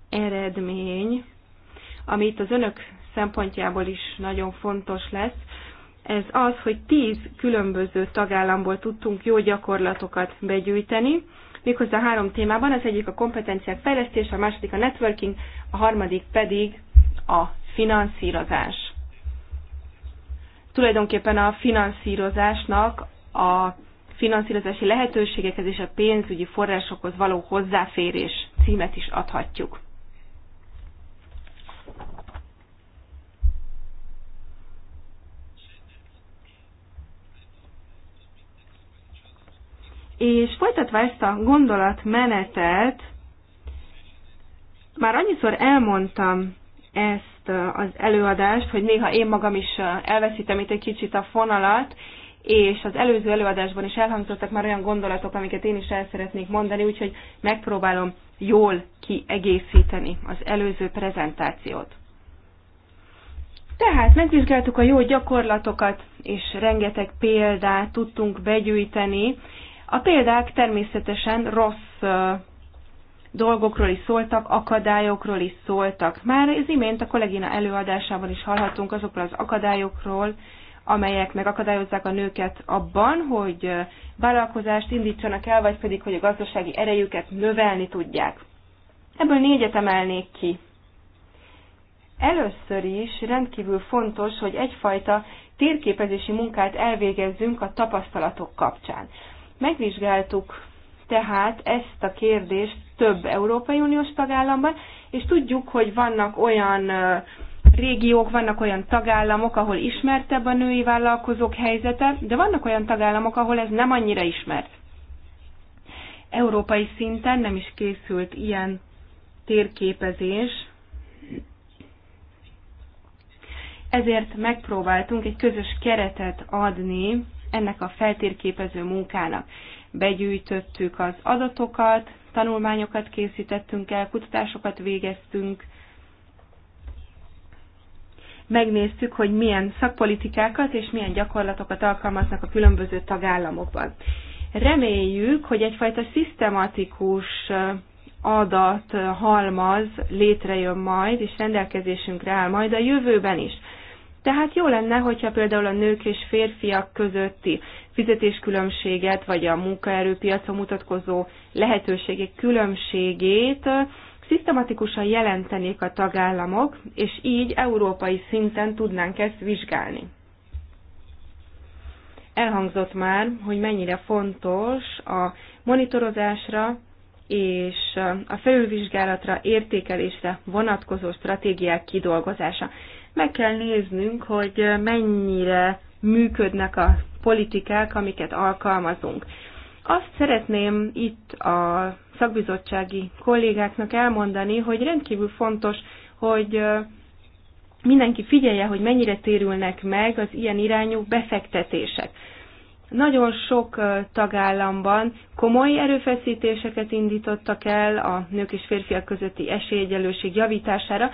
eredmény, amit az önök szempontjából is nagyon fontos lesz, ez az, hogy tíz különböző tagállamból tudtunk jó gyakorlatokat begyűjteni, méghozzá három témában, az egyik a kompetenciák fejlesztése, a második a networking, a harmadik pedig a finanszírozás. Tulajdonképpen a finanszírozásnak a finanszírozási lehetőségekhez és a pénzügyi forrásokhoz való hozzáférés címet is adhatjuk. És folytatva ezt a gondolatmenetet, már annyiszor elmondtam ezt az előadást, hogy néha én magam is elveszítem itt egy kicsit a fonalat, és az előző előadásban is elhangzottak már olyan gondolatok, amiket én is el szeretnék mondani, úgyhogy megpróbálom jól kiegészíteni az előző prezentációt. Tehát megvizsgáltuk a jó gyakorlatokat, és rengeteg példát tudtunk begyűjteni, a példák természetesen rossz dolgokról is szóltak, akadályokról is szóltak. Már az imént a kollégina előadásában is hallhattunk azokról az akadályokról, amelyek megakadályozzák a nőket abban, hogy vállalkozást indítsanak el, vagy pedig, hogy a gazdasági erejüket növelni tudják. Ebből négyet emelnék ki. Először is rendkívül fontos, hogy egyfajta térképezési munkát elvégezzünk a tapasztalatok kapcsán. Megvizsgáltuk tehát ezt a kérdést több Európai Uniós tagállamban, és tudjuk, hogy vannak olyan régiók, vannak olyan tagállamok, ahol ismertebb a női vállalkozók helyzete, de vannak olyan tagállamok, ahol ez nem annyira ismert. Európai szinten nem is készült ilyen térképezés, ezért megpróbáltunk egy közös keretet adni ennek a feltérképező munkának. Begyűjtöttük az adatokat, tanulmányokat készítettünk el, kutatásokat végeztünk, megnéztük, hogy milyen szakpolitikákat és milyen gyakorlatokat alkalmaznak a különböző tagállamokban. Reméljük, hogy egyfajta szisztematikus adathalmaz létrejön majd, és rendelkezésünkre áll majd a jövőben is. Tehát jó lenne, hogyha például a nők és férfiak közötti fizetéskülönbséget, vagy a munkaerőpiacon mutatkozó lehetőségek különbségét szisztematikusan jelentenék a tagállamok, és így európai szinten tudnánk ezt vizsgálni. Elhangzott már, hogy mennyire fontos a monitorozásra és a felülvizsgálatra, értékelésre vonatkozó stratégiák kidolgozása. Meg kell néznünk, hogy mennyire működnek a politikák, amiket alkalmazunk. Azt szeretném itt a szakbizottsági kollégáknak elmondani, hogy rendkívül fontos, hogy mindenki figyelje, hogy mennyire térülnek meg az ilyen irányú befektetések. Nagyon sok tagállamban komoly erőfeszítéseket indítottak el a nők és férfiak közötti esélyegyelőség javítására,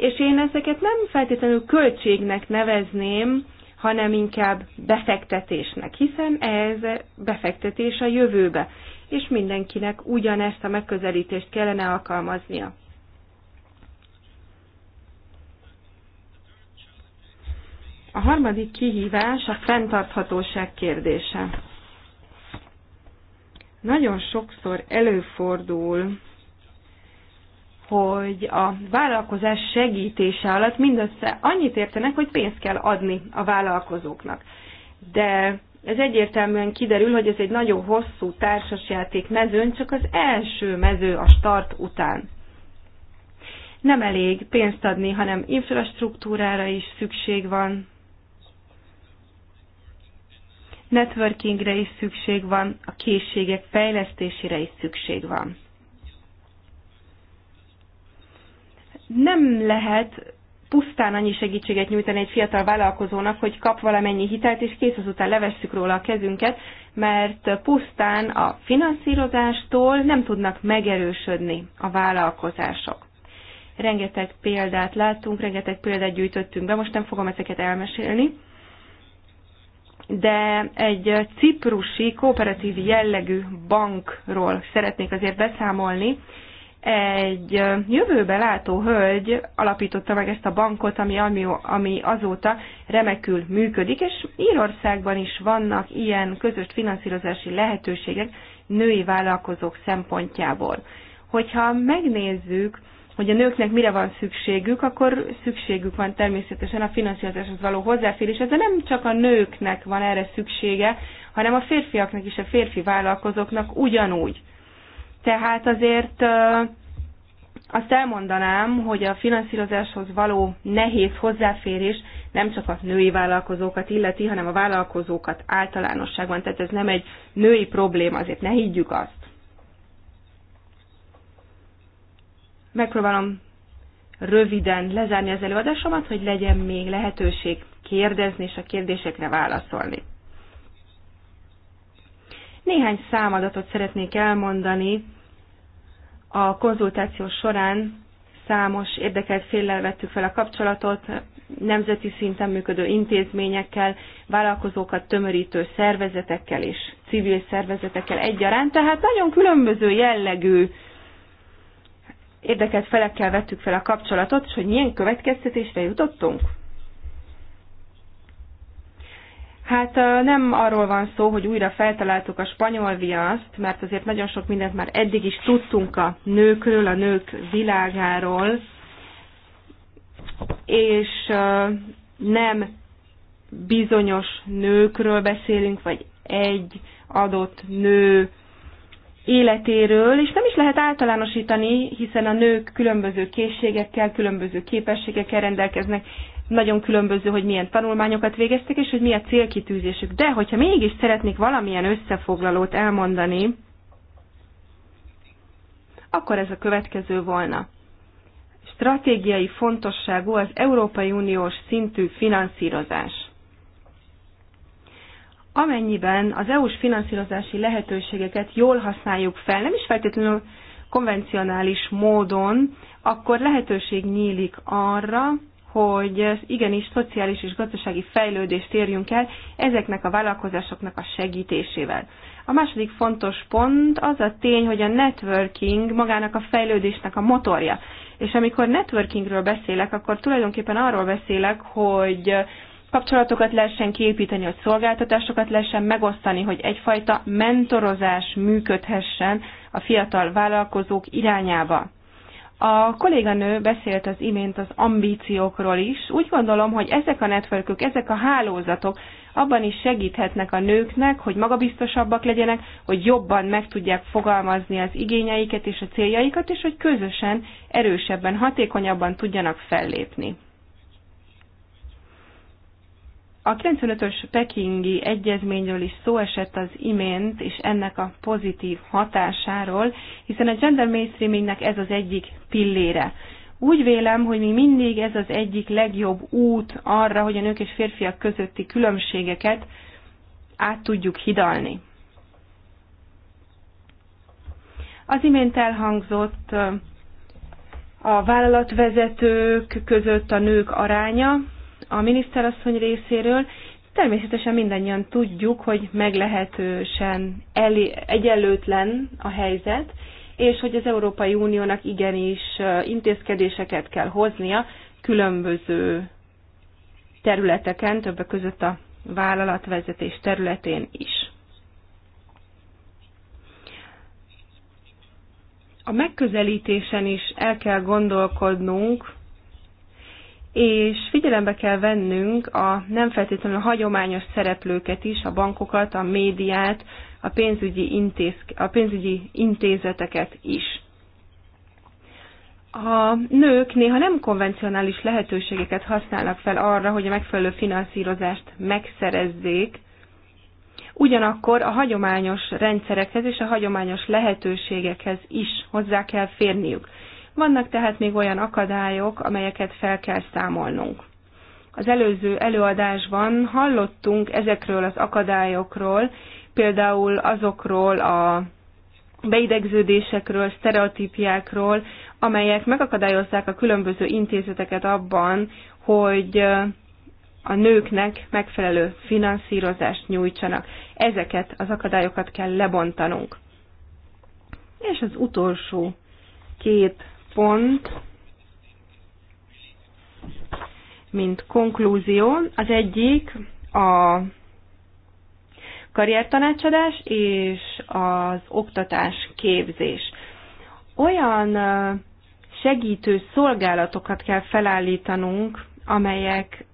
és én ezeket nem feltétlenül költségnek nevezném, hanem inkább befektetésnek, hiszen ez befektetés a jövőbe, és mindenkinek ugyanezt a megközelítést kellene alkalmaznia. A harmadik kihívás a fenntarthatóság kérdése. Nagyon sokszor előfordul, hogy a vállalkozás segítése alatt mindössze annyit értenek, hogy pénzt kell adni a vállalkozóknak. De ez egyértelműen kiderül, hogy ez egy nagyon hosszú társasjáték mezőn, csak az első mező a start után. Nem elég pénzt adni, hanem infrastruktúrára is szükség van, networkingre is szükség van, a készségek fejlesztésére is szükség van. nem lehet pusztán annyi segítséget nyújtani egy fiatal vállalkozónak, hogy kap valamennyi hitelt, és kész azután levesszük róla a kezünket, mert pusztán a finanszírozástól nem tudnak megerősödni a vállalkozások. Rengeteg példát láttunk, rengeteg példát gyűjtöttünk be, most nem fogom ezeket elmesélni, de egy ciprusi kooperatív jellegű bankról szeretnék azért beszámolni, egy jövőbe látó hölgy alapította meg ezt a bankot, ami, ami, ami azóta remekül működik, és Írországban is vannak ilyen közös finanszírozási lehetőségek női vállalkozók szempontjából. Hogyha megnézzük, hogy a nőknek mire van szükségük, akkor szükségük van természetesen a finanszírozáshoz való hozzáférés. de nem csak a nőknek van erre szüksége, hanem a férfiaknak is, a férfi vállalkozóknak ugyanúgy. Tehát azért azt elmondanám, hogy a finanszírozáshoz való nehéz hozzáférés nem csak a női vállalkozókat illeti, hanem a vállalkozókat általánosságban. Tehát ez nem egy női probléma, azért ne higgyük azt. Megpróbálom röviden lezárni az előadásomat, hogy legyen még lehetőség kérdezni és a kérdésekre válaszolni. Néhány számadatot szeretnék elmondani. A konzultáció során számos érdekelt féllel vettük fel a kapcsolatot, nemzeti szinten működő intézményekkel, vállalkozókat tömörítő szervezetekkel és civil szervezetekkel egyaránt, tehát nagyon különböző jellegű érdekelt felekkel vettük fel a kapcsolatot, és hogy milyen következtetésre jutottunk. Hát nem arról van szó, hogy újra feltaláltuk a spanyol viaszt, mert azért nagyon sok mindent már eddig is tudtunk a nőkről, a nők világáról, és nem bizonyos nőkről beszélünk, vagy egy adott nő életéről, és nem is lehet általánosítani, hiszen a nők különböző készségekkel, különböző képességekkel rendelkeznek, nagyon különböző, hogy milyen tanulmányokat végeztek, és hogy mi a célkitűzésük. De hogyha mégis szeretnék valamilyen összefoglalót elmondani, akkor ez a következő volna. Stratégiai fontosságú az Európai Uniós szintű finanszírozás. Amennyiben az EU-s finanszírozási lehetőségeket jól használjuk fel, nem is feltétlenül konvencionális módon, akkor lehetőség nyílik arra, hogy igenis szociális és gazdasági fejlődést érjünk el ezeknek a vállalkozásoknak a segítésével. A második fontos pont az a tény, hogy a networking magának a fejlődésnek a motorja. És amikor networkingről beszélek, akkor tulajdonképpen arról beszélek, hogy kapcsolatokat lehessen kiépíteni, hogy szolgáltatásokat lehessen megosztani, hogy egyfajta mentorozás működhessen a fiatal vállalkozók irányába. A kolléganő beszélt az imént az ambíciókról is. Úgy gondolom, hogy ezek a networkök, ezek a hálózatok abban is segíthetnek a nőknek, hogy magabiztosabbak legyenek, hogy jobban meg tudják fogalmazni az igényeiket és a céljaikat, és hogy közösen erősebben, hatékonyabban tudjanak fellépni. A 95-ös pekingi egyezményről is szó esett az imént, és ennek a pozitív hatásáról, hiszen a gender mainstreamingnek ez az egyik pillére. Úgy vélem, hogy még mindig ez az egyik legjobb út arra, hogy a nők és férfiak közötti különbségeket át tudjuk hidalni. Az imént elhangzott a vállalatvezetők között a nők aránya, a miniszterasszony részéről. Természetesen mindannyian tudjuk, hogy meglehetősen elé, egyenlőtlen a helyzet, és hogy az Európai Uniónak igenis intézkedéseket kell hoznia különböző területeken, többek között a vállalatvezetés területén is. A megközelítésen is el kell gondolkodnunk, és figyelembe kell vennünk a nem feltétlenül a hagyományos szereplőket is, a bankokat, a médiát, a pénzügyi, intéz, a pénzügyi intézeteket is. A nők néha nem konvencionális lehetőségeket használnak fel arra, hogy a megfelelő finanszírozást megszerezzék, ugyanakkor a hagyományos rendszerekhez és a hagyományos lehetőségekhez is hozzá kell férniük. Vannak tehát még olyan akadályok, amelyeket fel kell számolnunk. Az előző előadásban hallottunk ezekről az akadályokról, például azokról a beidegződésekről, sztereotípiákról, amelyek megakadályozzák a különböző intézeteket abban, hogy a nőknek megfelelő finanszírozást nyújtsanak. Ezeket az akadályokat kell lebontanunk. És az utolsó két pont, mint konklúzió. Az egyik a karriertanácsadás és az oktatás képzés. Olyan segítő szolgálatokat kell felállítanunk, amelyek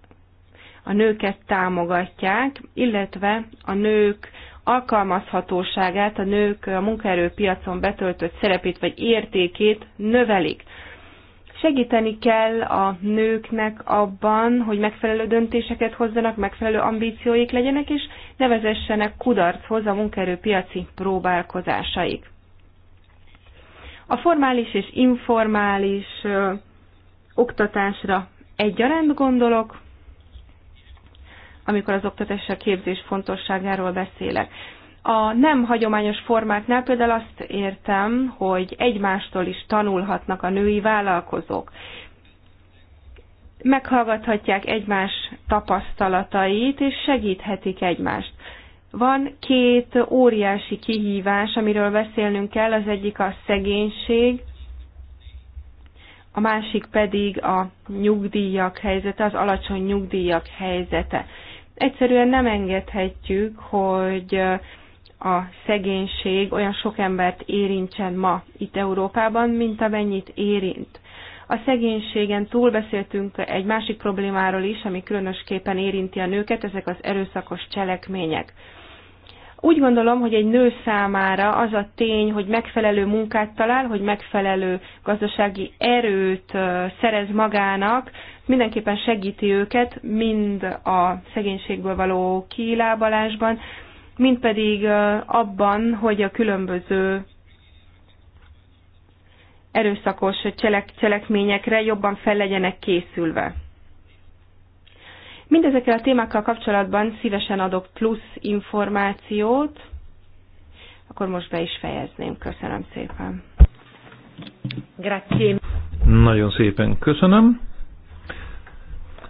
a nőket támogatják, illetve a nők alkalmazhatóságát, a nők a munkaerőpiacon betöltött szerepét vagy értékét növelik. Segíteni kell a nőknek abban, hogy megfelelő döntéseket hozzanak, megfelelő ambícióik legyenek, és ne vezessenek kudarchoz a munkaerőpiaci próbálkozásaik. A formális és informális ö, oktatásra egyaránt gondolok, amikor az oktatás a képzés fontosságáról beszélek. A nem hagyományos formáknál például azt értem, hogy egymástól is tanulhatnak a női vállalkozók. Meghallgathatják egymás tapasztalatait, és segíthetik egymást. Van két óriási kihívás, amiről beszélnünk kell, az egyik a szegénység, a másik pedig a nyugdíjak helyzete, az alacsony nyugdíjak helyzete. Egyszerűen nem engedhetjük, hogy a szegénység olyan sok embert érintsen ma itt Európában, mint amennyit érint. A szegénységen túl beszéltünk egy másik problémáról is, ami különösképpen érinti a nőket, ezek az erőszakos cselekmények. Úgy gondolom, hogy egy nő számára az a tény, hogy megfelelő munkát talál, hogy megfelelő gazdasági erőt szerez magának, mindenképpen segíti őket, mind a szegénységből való kilábalásban, mind pedig abban, hogy a különböző erőszakos cselek, cselekményekre jobban fel legyenek készülve. Mindezekkel a témákkal kapcsolatban szívesen adok plusz információt, akkor most be is fejezném. Köszönöm szépen. Grazie. Nagyon szépen köszönöm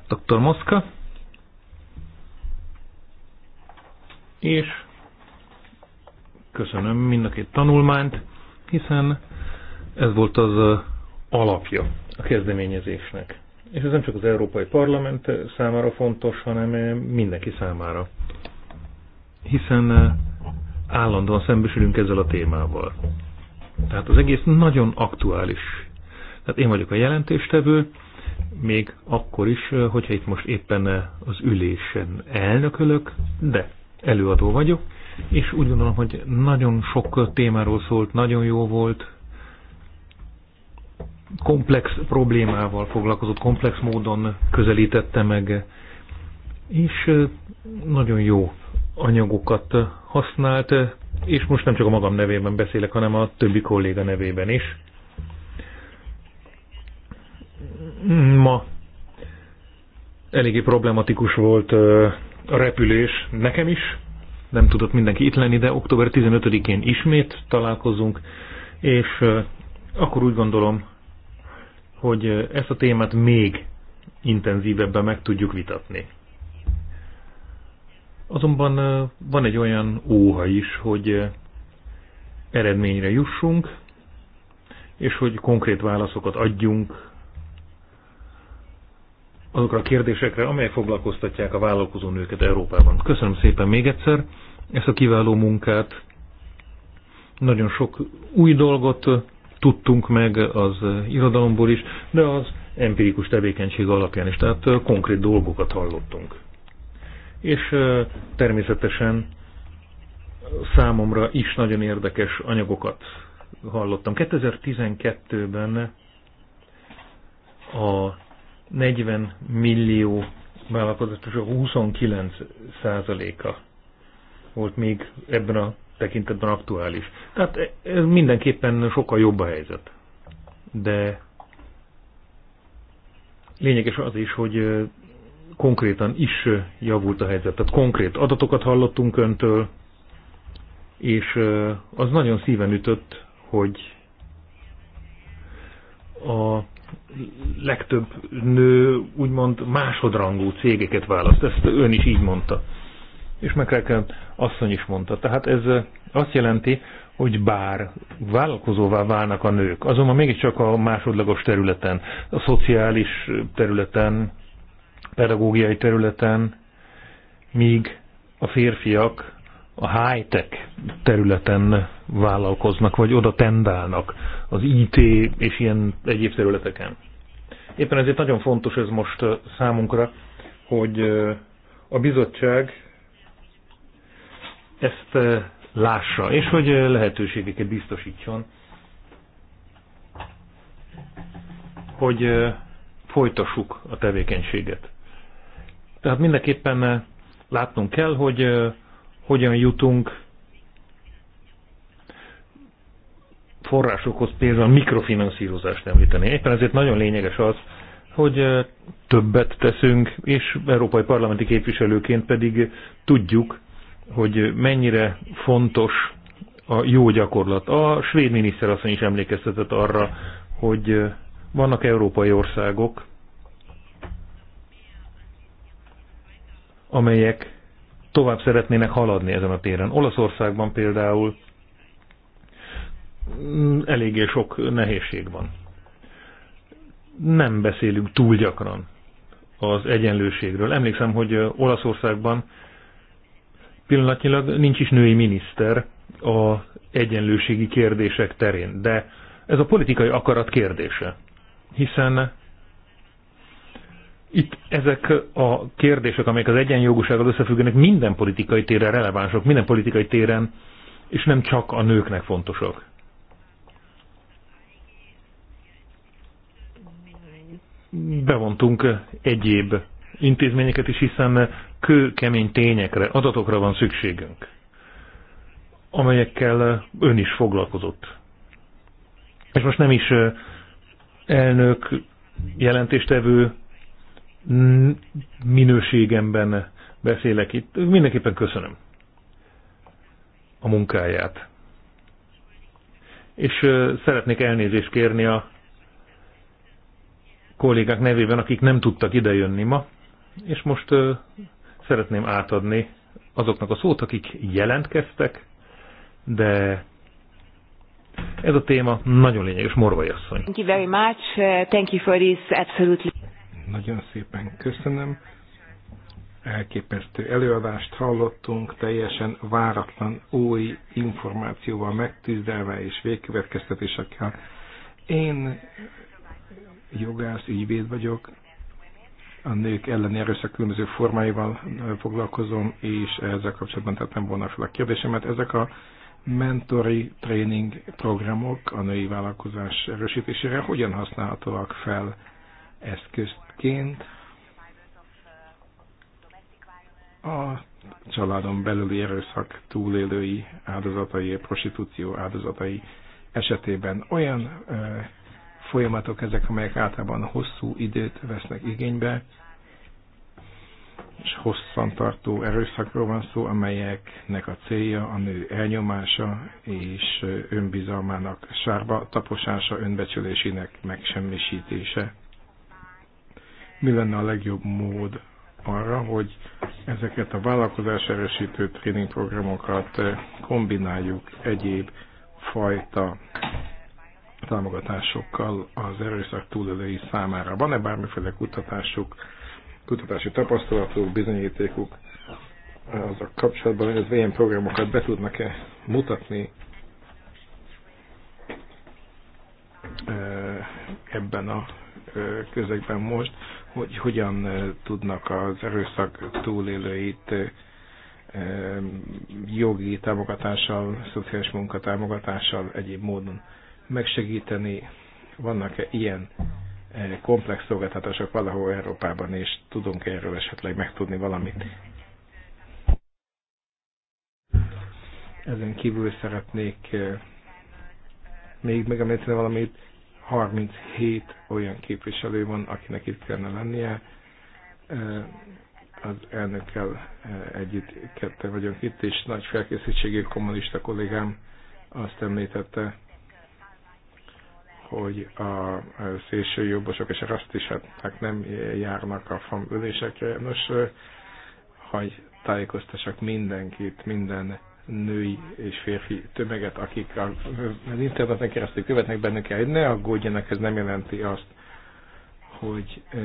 dr. Moszka, és köszönöm mind a két tanulmányt, hiszen ez volt az alapja a kezdeményezésnek. És ez nem csak az Európai Parlament számára fontos, hanem mindenki számára. Hiszen állandóan szembesülünk ezzel a témával. Tehát az egész nagyon aktuális. Tehát én vagyok a jelentéstevő, még akkor is, hogyha itt most éppen az ülésen elnökölök, de előadó vagyok, és úgy gondolom, hogy nagyon sok témáról szólt, nagyon jó volt, komplex problémával foglalkozott, komplex módon közelítette meg, és nagyon jó anyagokat használt, és most nem csak a magam nevében beszélek, hanem a többi kolléga nevében is ma eléggé problematikus volt a repülés nekem is. Nem tudott mindenki itt lenni, de október 15-én ismét találkozunk, és akkor úgy gondolom, hogy ezt a témát még intenzívebben meg tudjuk vitatni. Azonban van egy olyan óha is, hogy eredményre jussunk, és hogy konkrét válaszokat adjunk azokra a kérdésekre, amelyek foglalkoztatják a vállalkozó nőket Európában. Köszönöm szépen még egyszer ezt a kiváló munkát. Nagyon sok új dolgot tudtunk meg az irodalomból is, de az empirikus tevékenység alapján is, tehát konkrét dolgokat hallottunk. És természetesen számomra is nagyon érdekes anyagokat hallottam. 2012-ben a 40 millió a 29 százaléka volt még ebben a tekintetben aktuális. Tehát ez mindenképpen sokkal jobb a helyzet. De lényeges az is, hogy konkrétan is javult a helyzet. Tehát konkrét adatokat hallottunk öntől, és az nagyon szíven ütött, hogy a legtöbb nő úgymond másodrangú cégeket választ. Ezt ön is így mondta. És McCracken asszony is mondta. Tehát ez azt jelenti, hogy bár vállalkozóvá válnak a nők, azonban mégiscsak a másodlagos területen, a szociális területen, pedagógiai területen, míg a férfiak a high-tech területen vállalkoznak, vagy oda tendálnak az IT és ilyen egyéb területeken. Éppen ezért nagyon fontos ez most számunkra, hogy a bizottság ezt lássa, és hogy lehetőségeket biztosítson, hogy folytassuk a tevékenységet. Tehát mindenképpen látnunk kell, hogy hogyan jutunk forrásokhoz például mikrofinanszírozást említeni. Éppen ezért nagyon lényeges az, hogy többet teszünk, és európai parlamenti képviselőként pedig tudjuk, hogy mennyire fontos a jó gyakorlat. A svéd miniszterasszony is emlékeztetett arra, hogy vannak európai országok, amelyek tovább szeretnének haladni ezen a téren. Olaszországban például mm, eléggé sok nehézség van. Nem beszélünk túl gyakran az egyenlőségről. Emlékszem, hogy Olaszországban pillanatnyilag nincs is női miniszter a egyenlőségi kérdések terén, de ez a politikai akarat kérdése, hiszen itt ezek a kérdések, amelyek az egyenjogúsággal összefüggenek, minden politikai téren relevánsok. minden politikai téren, és nem csak a nőknek fontosak. Bevontunk egyéb intézményeket is, hiszen kőkemény tényekre, adatokra van szükségünk, amelyekkel ön is foglalkozott. És most nem is eh, elnök, jelentéstevő, minőségemben beszélek itt. Mindenképpen köszönöm a munkáját. És szeretnék elnézést kérni a kollégák nevében, akik nem tudtak idejönni ma, és most szeretném átadni azoknak a szót, akik jelentkeztek, de ez a téma nagyon lényeges, Morvai asszony. Thank you very much. Uh, thank you for this absolutely nagyon szépen köszönöm. Elképesztő előadást hallottunk, teljesen váratlan új információval megtűzdelve és végkövetkeztetésekkel. Én jogász, ügyvéd vagyok, a nők elleni erőszak különböző formáival foglalkozom, és ezzel kapcsolatban tettem volna fel a kérdésemet. Ezek a mentori training programok a női vállalkozás erősítésére hogyan használhatóak fel eszközt Egyébként a családon belüli erőszak túlélői áldozatai, prostitúció áldozatai esetében olyan ö, folyamatok ezek, amelyek általában hosszú időt vesznek igénybe, és hosszantartó erőszakról van szó, amelyeknek a célja a nő elnyomása és önbizalmának sárba taposása, önbecsülésének megsemmisítése mi lenne a legjobb mód arra, hogy ezeket a vállalkozás erősítő tréningprogramokat eh, kombináljuk egyéb fajta támogatásokkal az erőszak túlélői számára. Van-e bármiféle kutatásuk, kutatási tapasztalatuk, bizonyítékuk azok kapcsolatban, hogy az ilyen programokat be tudnak-e mutatni eh, ebben a eh, közegben most? hogy hogyan tudnak az erőszak túlélőit jogi támogatással, szociális munka támogatással, egyéb módon megsegíteni. Vannak-e ilyen komplex szolgáltatások valahol Európában, és tudunk -e erről esetleg megtudni valamit? Ezen kívül szeretnék még megemlíteni valamit 37 olyan képviselő van, akinek itt kellene lennie. Az elnökkel együtt kette vagyunk itt, és nagy felkészítségű kommunista kollégám azt említette, hogy a szélső jobbosok és a rasszisták nem járnak a FAM ülésekre. Nos, hogy tájékoztassak mindenkit, minden női és férfi tömeget, akik az interneten keresztül követnek bennünket, ne aggódjanak, ez nem jelenti azt, hogy e,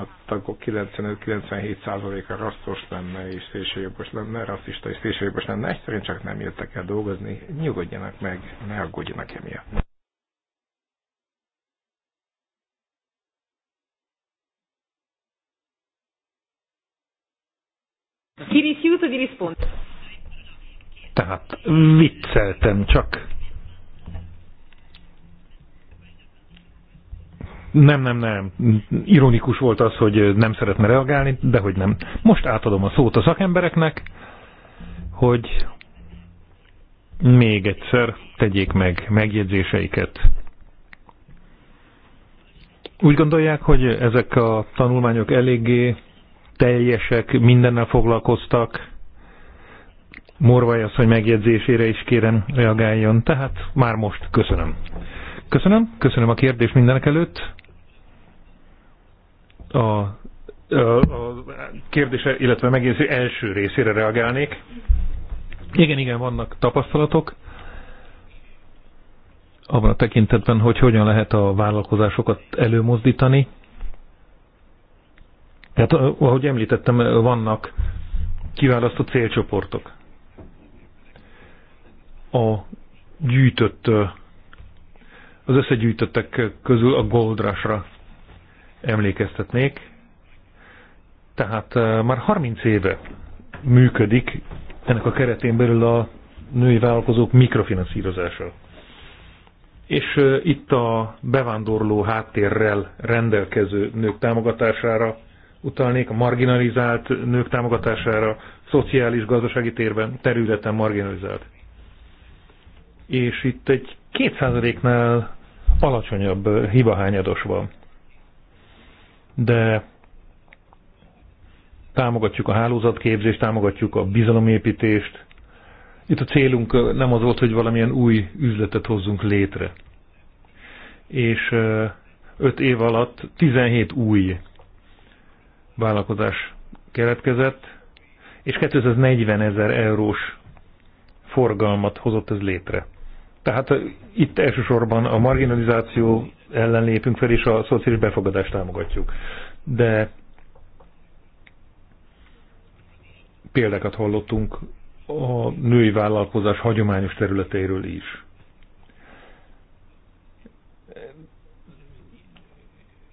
a tagok 95-97%-a rasszos lenne és szélsőjobbos lenne, rasszista és szélsőjobbos lenne, egyszerűen csak nem jöttek el dolgozni, nyugodjanak meg, ne aggódjanak emiatt. Ti rifiuta di rispondere. Tehát vicceltem csak. Nem, nem, nem. Ironikus volt az, hogy nem szeretne reagálni, de hogy nem. Most átadom a szót a szakembereknek, hogy még egyszer tegyék meg megjegyzéseiket. Úgy gondolják, hogy ezek a tanulmányok eléggé teljesek, mindennel foglalkoztak, Morvai asszony megjegyzésére is kérem reagáljon, tehát már most köszönöm. Köszönöm, köszönöm a kérdést mindenek előtt. A, a, a kérdése, illetve megjegyzés első részére reagálnék. Igen, igen, vannak tapasztalatok abban a tekintetben, hogy hogyan lehet a vállalkozásokat előmozdítani. Tehát, ahogy említettem, vannak kiválasztott célcsoportok a gyűjtött, az összegyűjtöttek közül a Goldrasra emlékeztetnék. Tehát már 30 éve működik ennek a keretén belül a női vállalkozók mikrofinanszírozása. És itt a bevándorló háttérrel rendelkező nők támogatására utalnék, a marginalizált nők támogatására, szociális, gazdasági térben, területen marginalizált és itt egy 2%-nál alacsonyabb hibahányados van. De támogatjuk a hálózatképzést, támogatjuk a bizalomépítést. Itt a célunk nem az volt, hogy valamilyen új üzletet hozzunk létre. És 5 év alatt 17 új vállalkozás keletkezett, és 240 ezer eurós forgalmat hozott ez létre. Tehát itt elsősorban a marginalizáció ellen lépünk fel, és a szociális befogadást támogatjuk. De példákat hallottunk a női vállalkozás hagyományos területeiről is.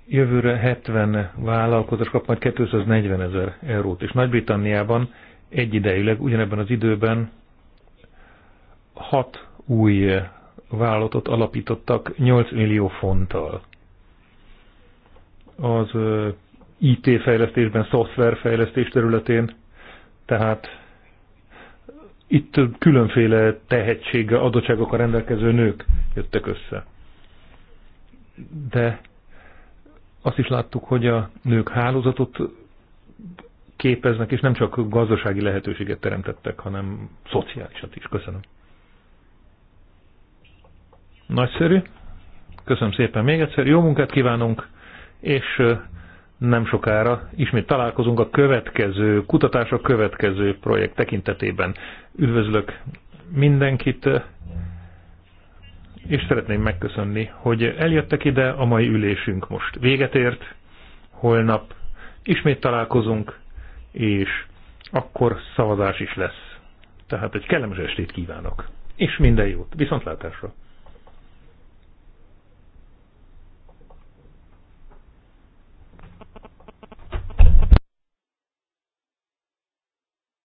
Jövőre 70 vállalkozás kap majd 240 ezer eurót, és Nagy-Britanniában egyidejűleg ugyanebben az időben 6 új vállalatot alapítottak 8 millió fonttal. Az IT fejlesztésben, szoftverfejlesztés területén, tehát itt különféle tehetséggel, adottságokkal rendelkező nők jöttek össze. De azt is láttuk, hogy a nők hálózatot képeznek, és nem csak gazdasági lehetőséget teremtettek, hanem szociálisat is. Köszönöm. Nagyszerű. Köszönöm szépen még egyszer. Jó munkát kívánunk, és nem sokára ismét találkozunk a következő kutatások következő projekt tekintetében. Üdvözlök mindenkit, és szeretném megköszönni, hogy eljöttek ide, a mai ülésünk most véget ért, holnap ismét találkozunk, és akkor szavazás is lesz. Tehát egy kellemes estét kívánok, és minden jót, viszontlátásra!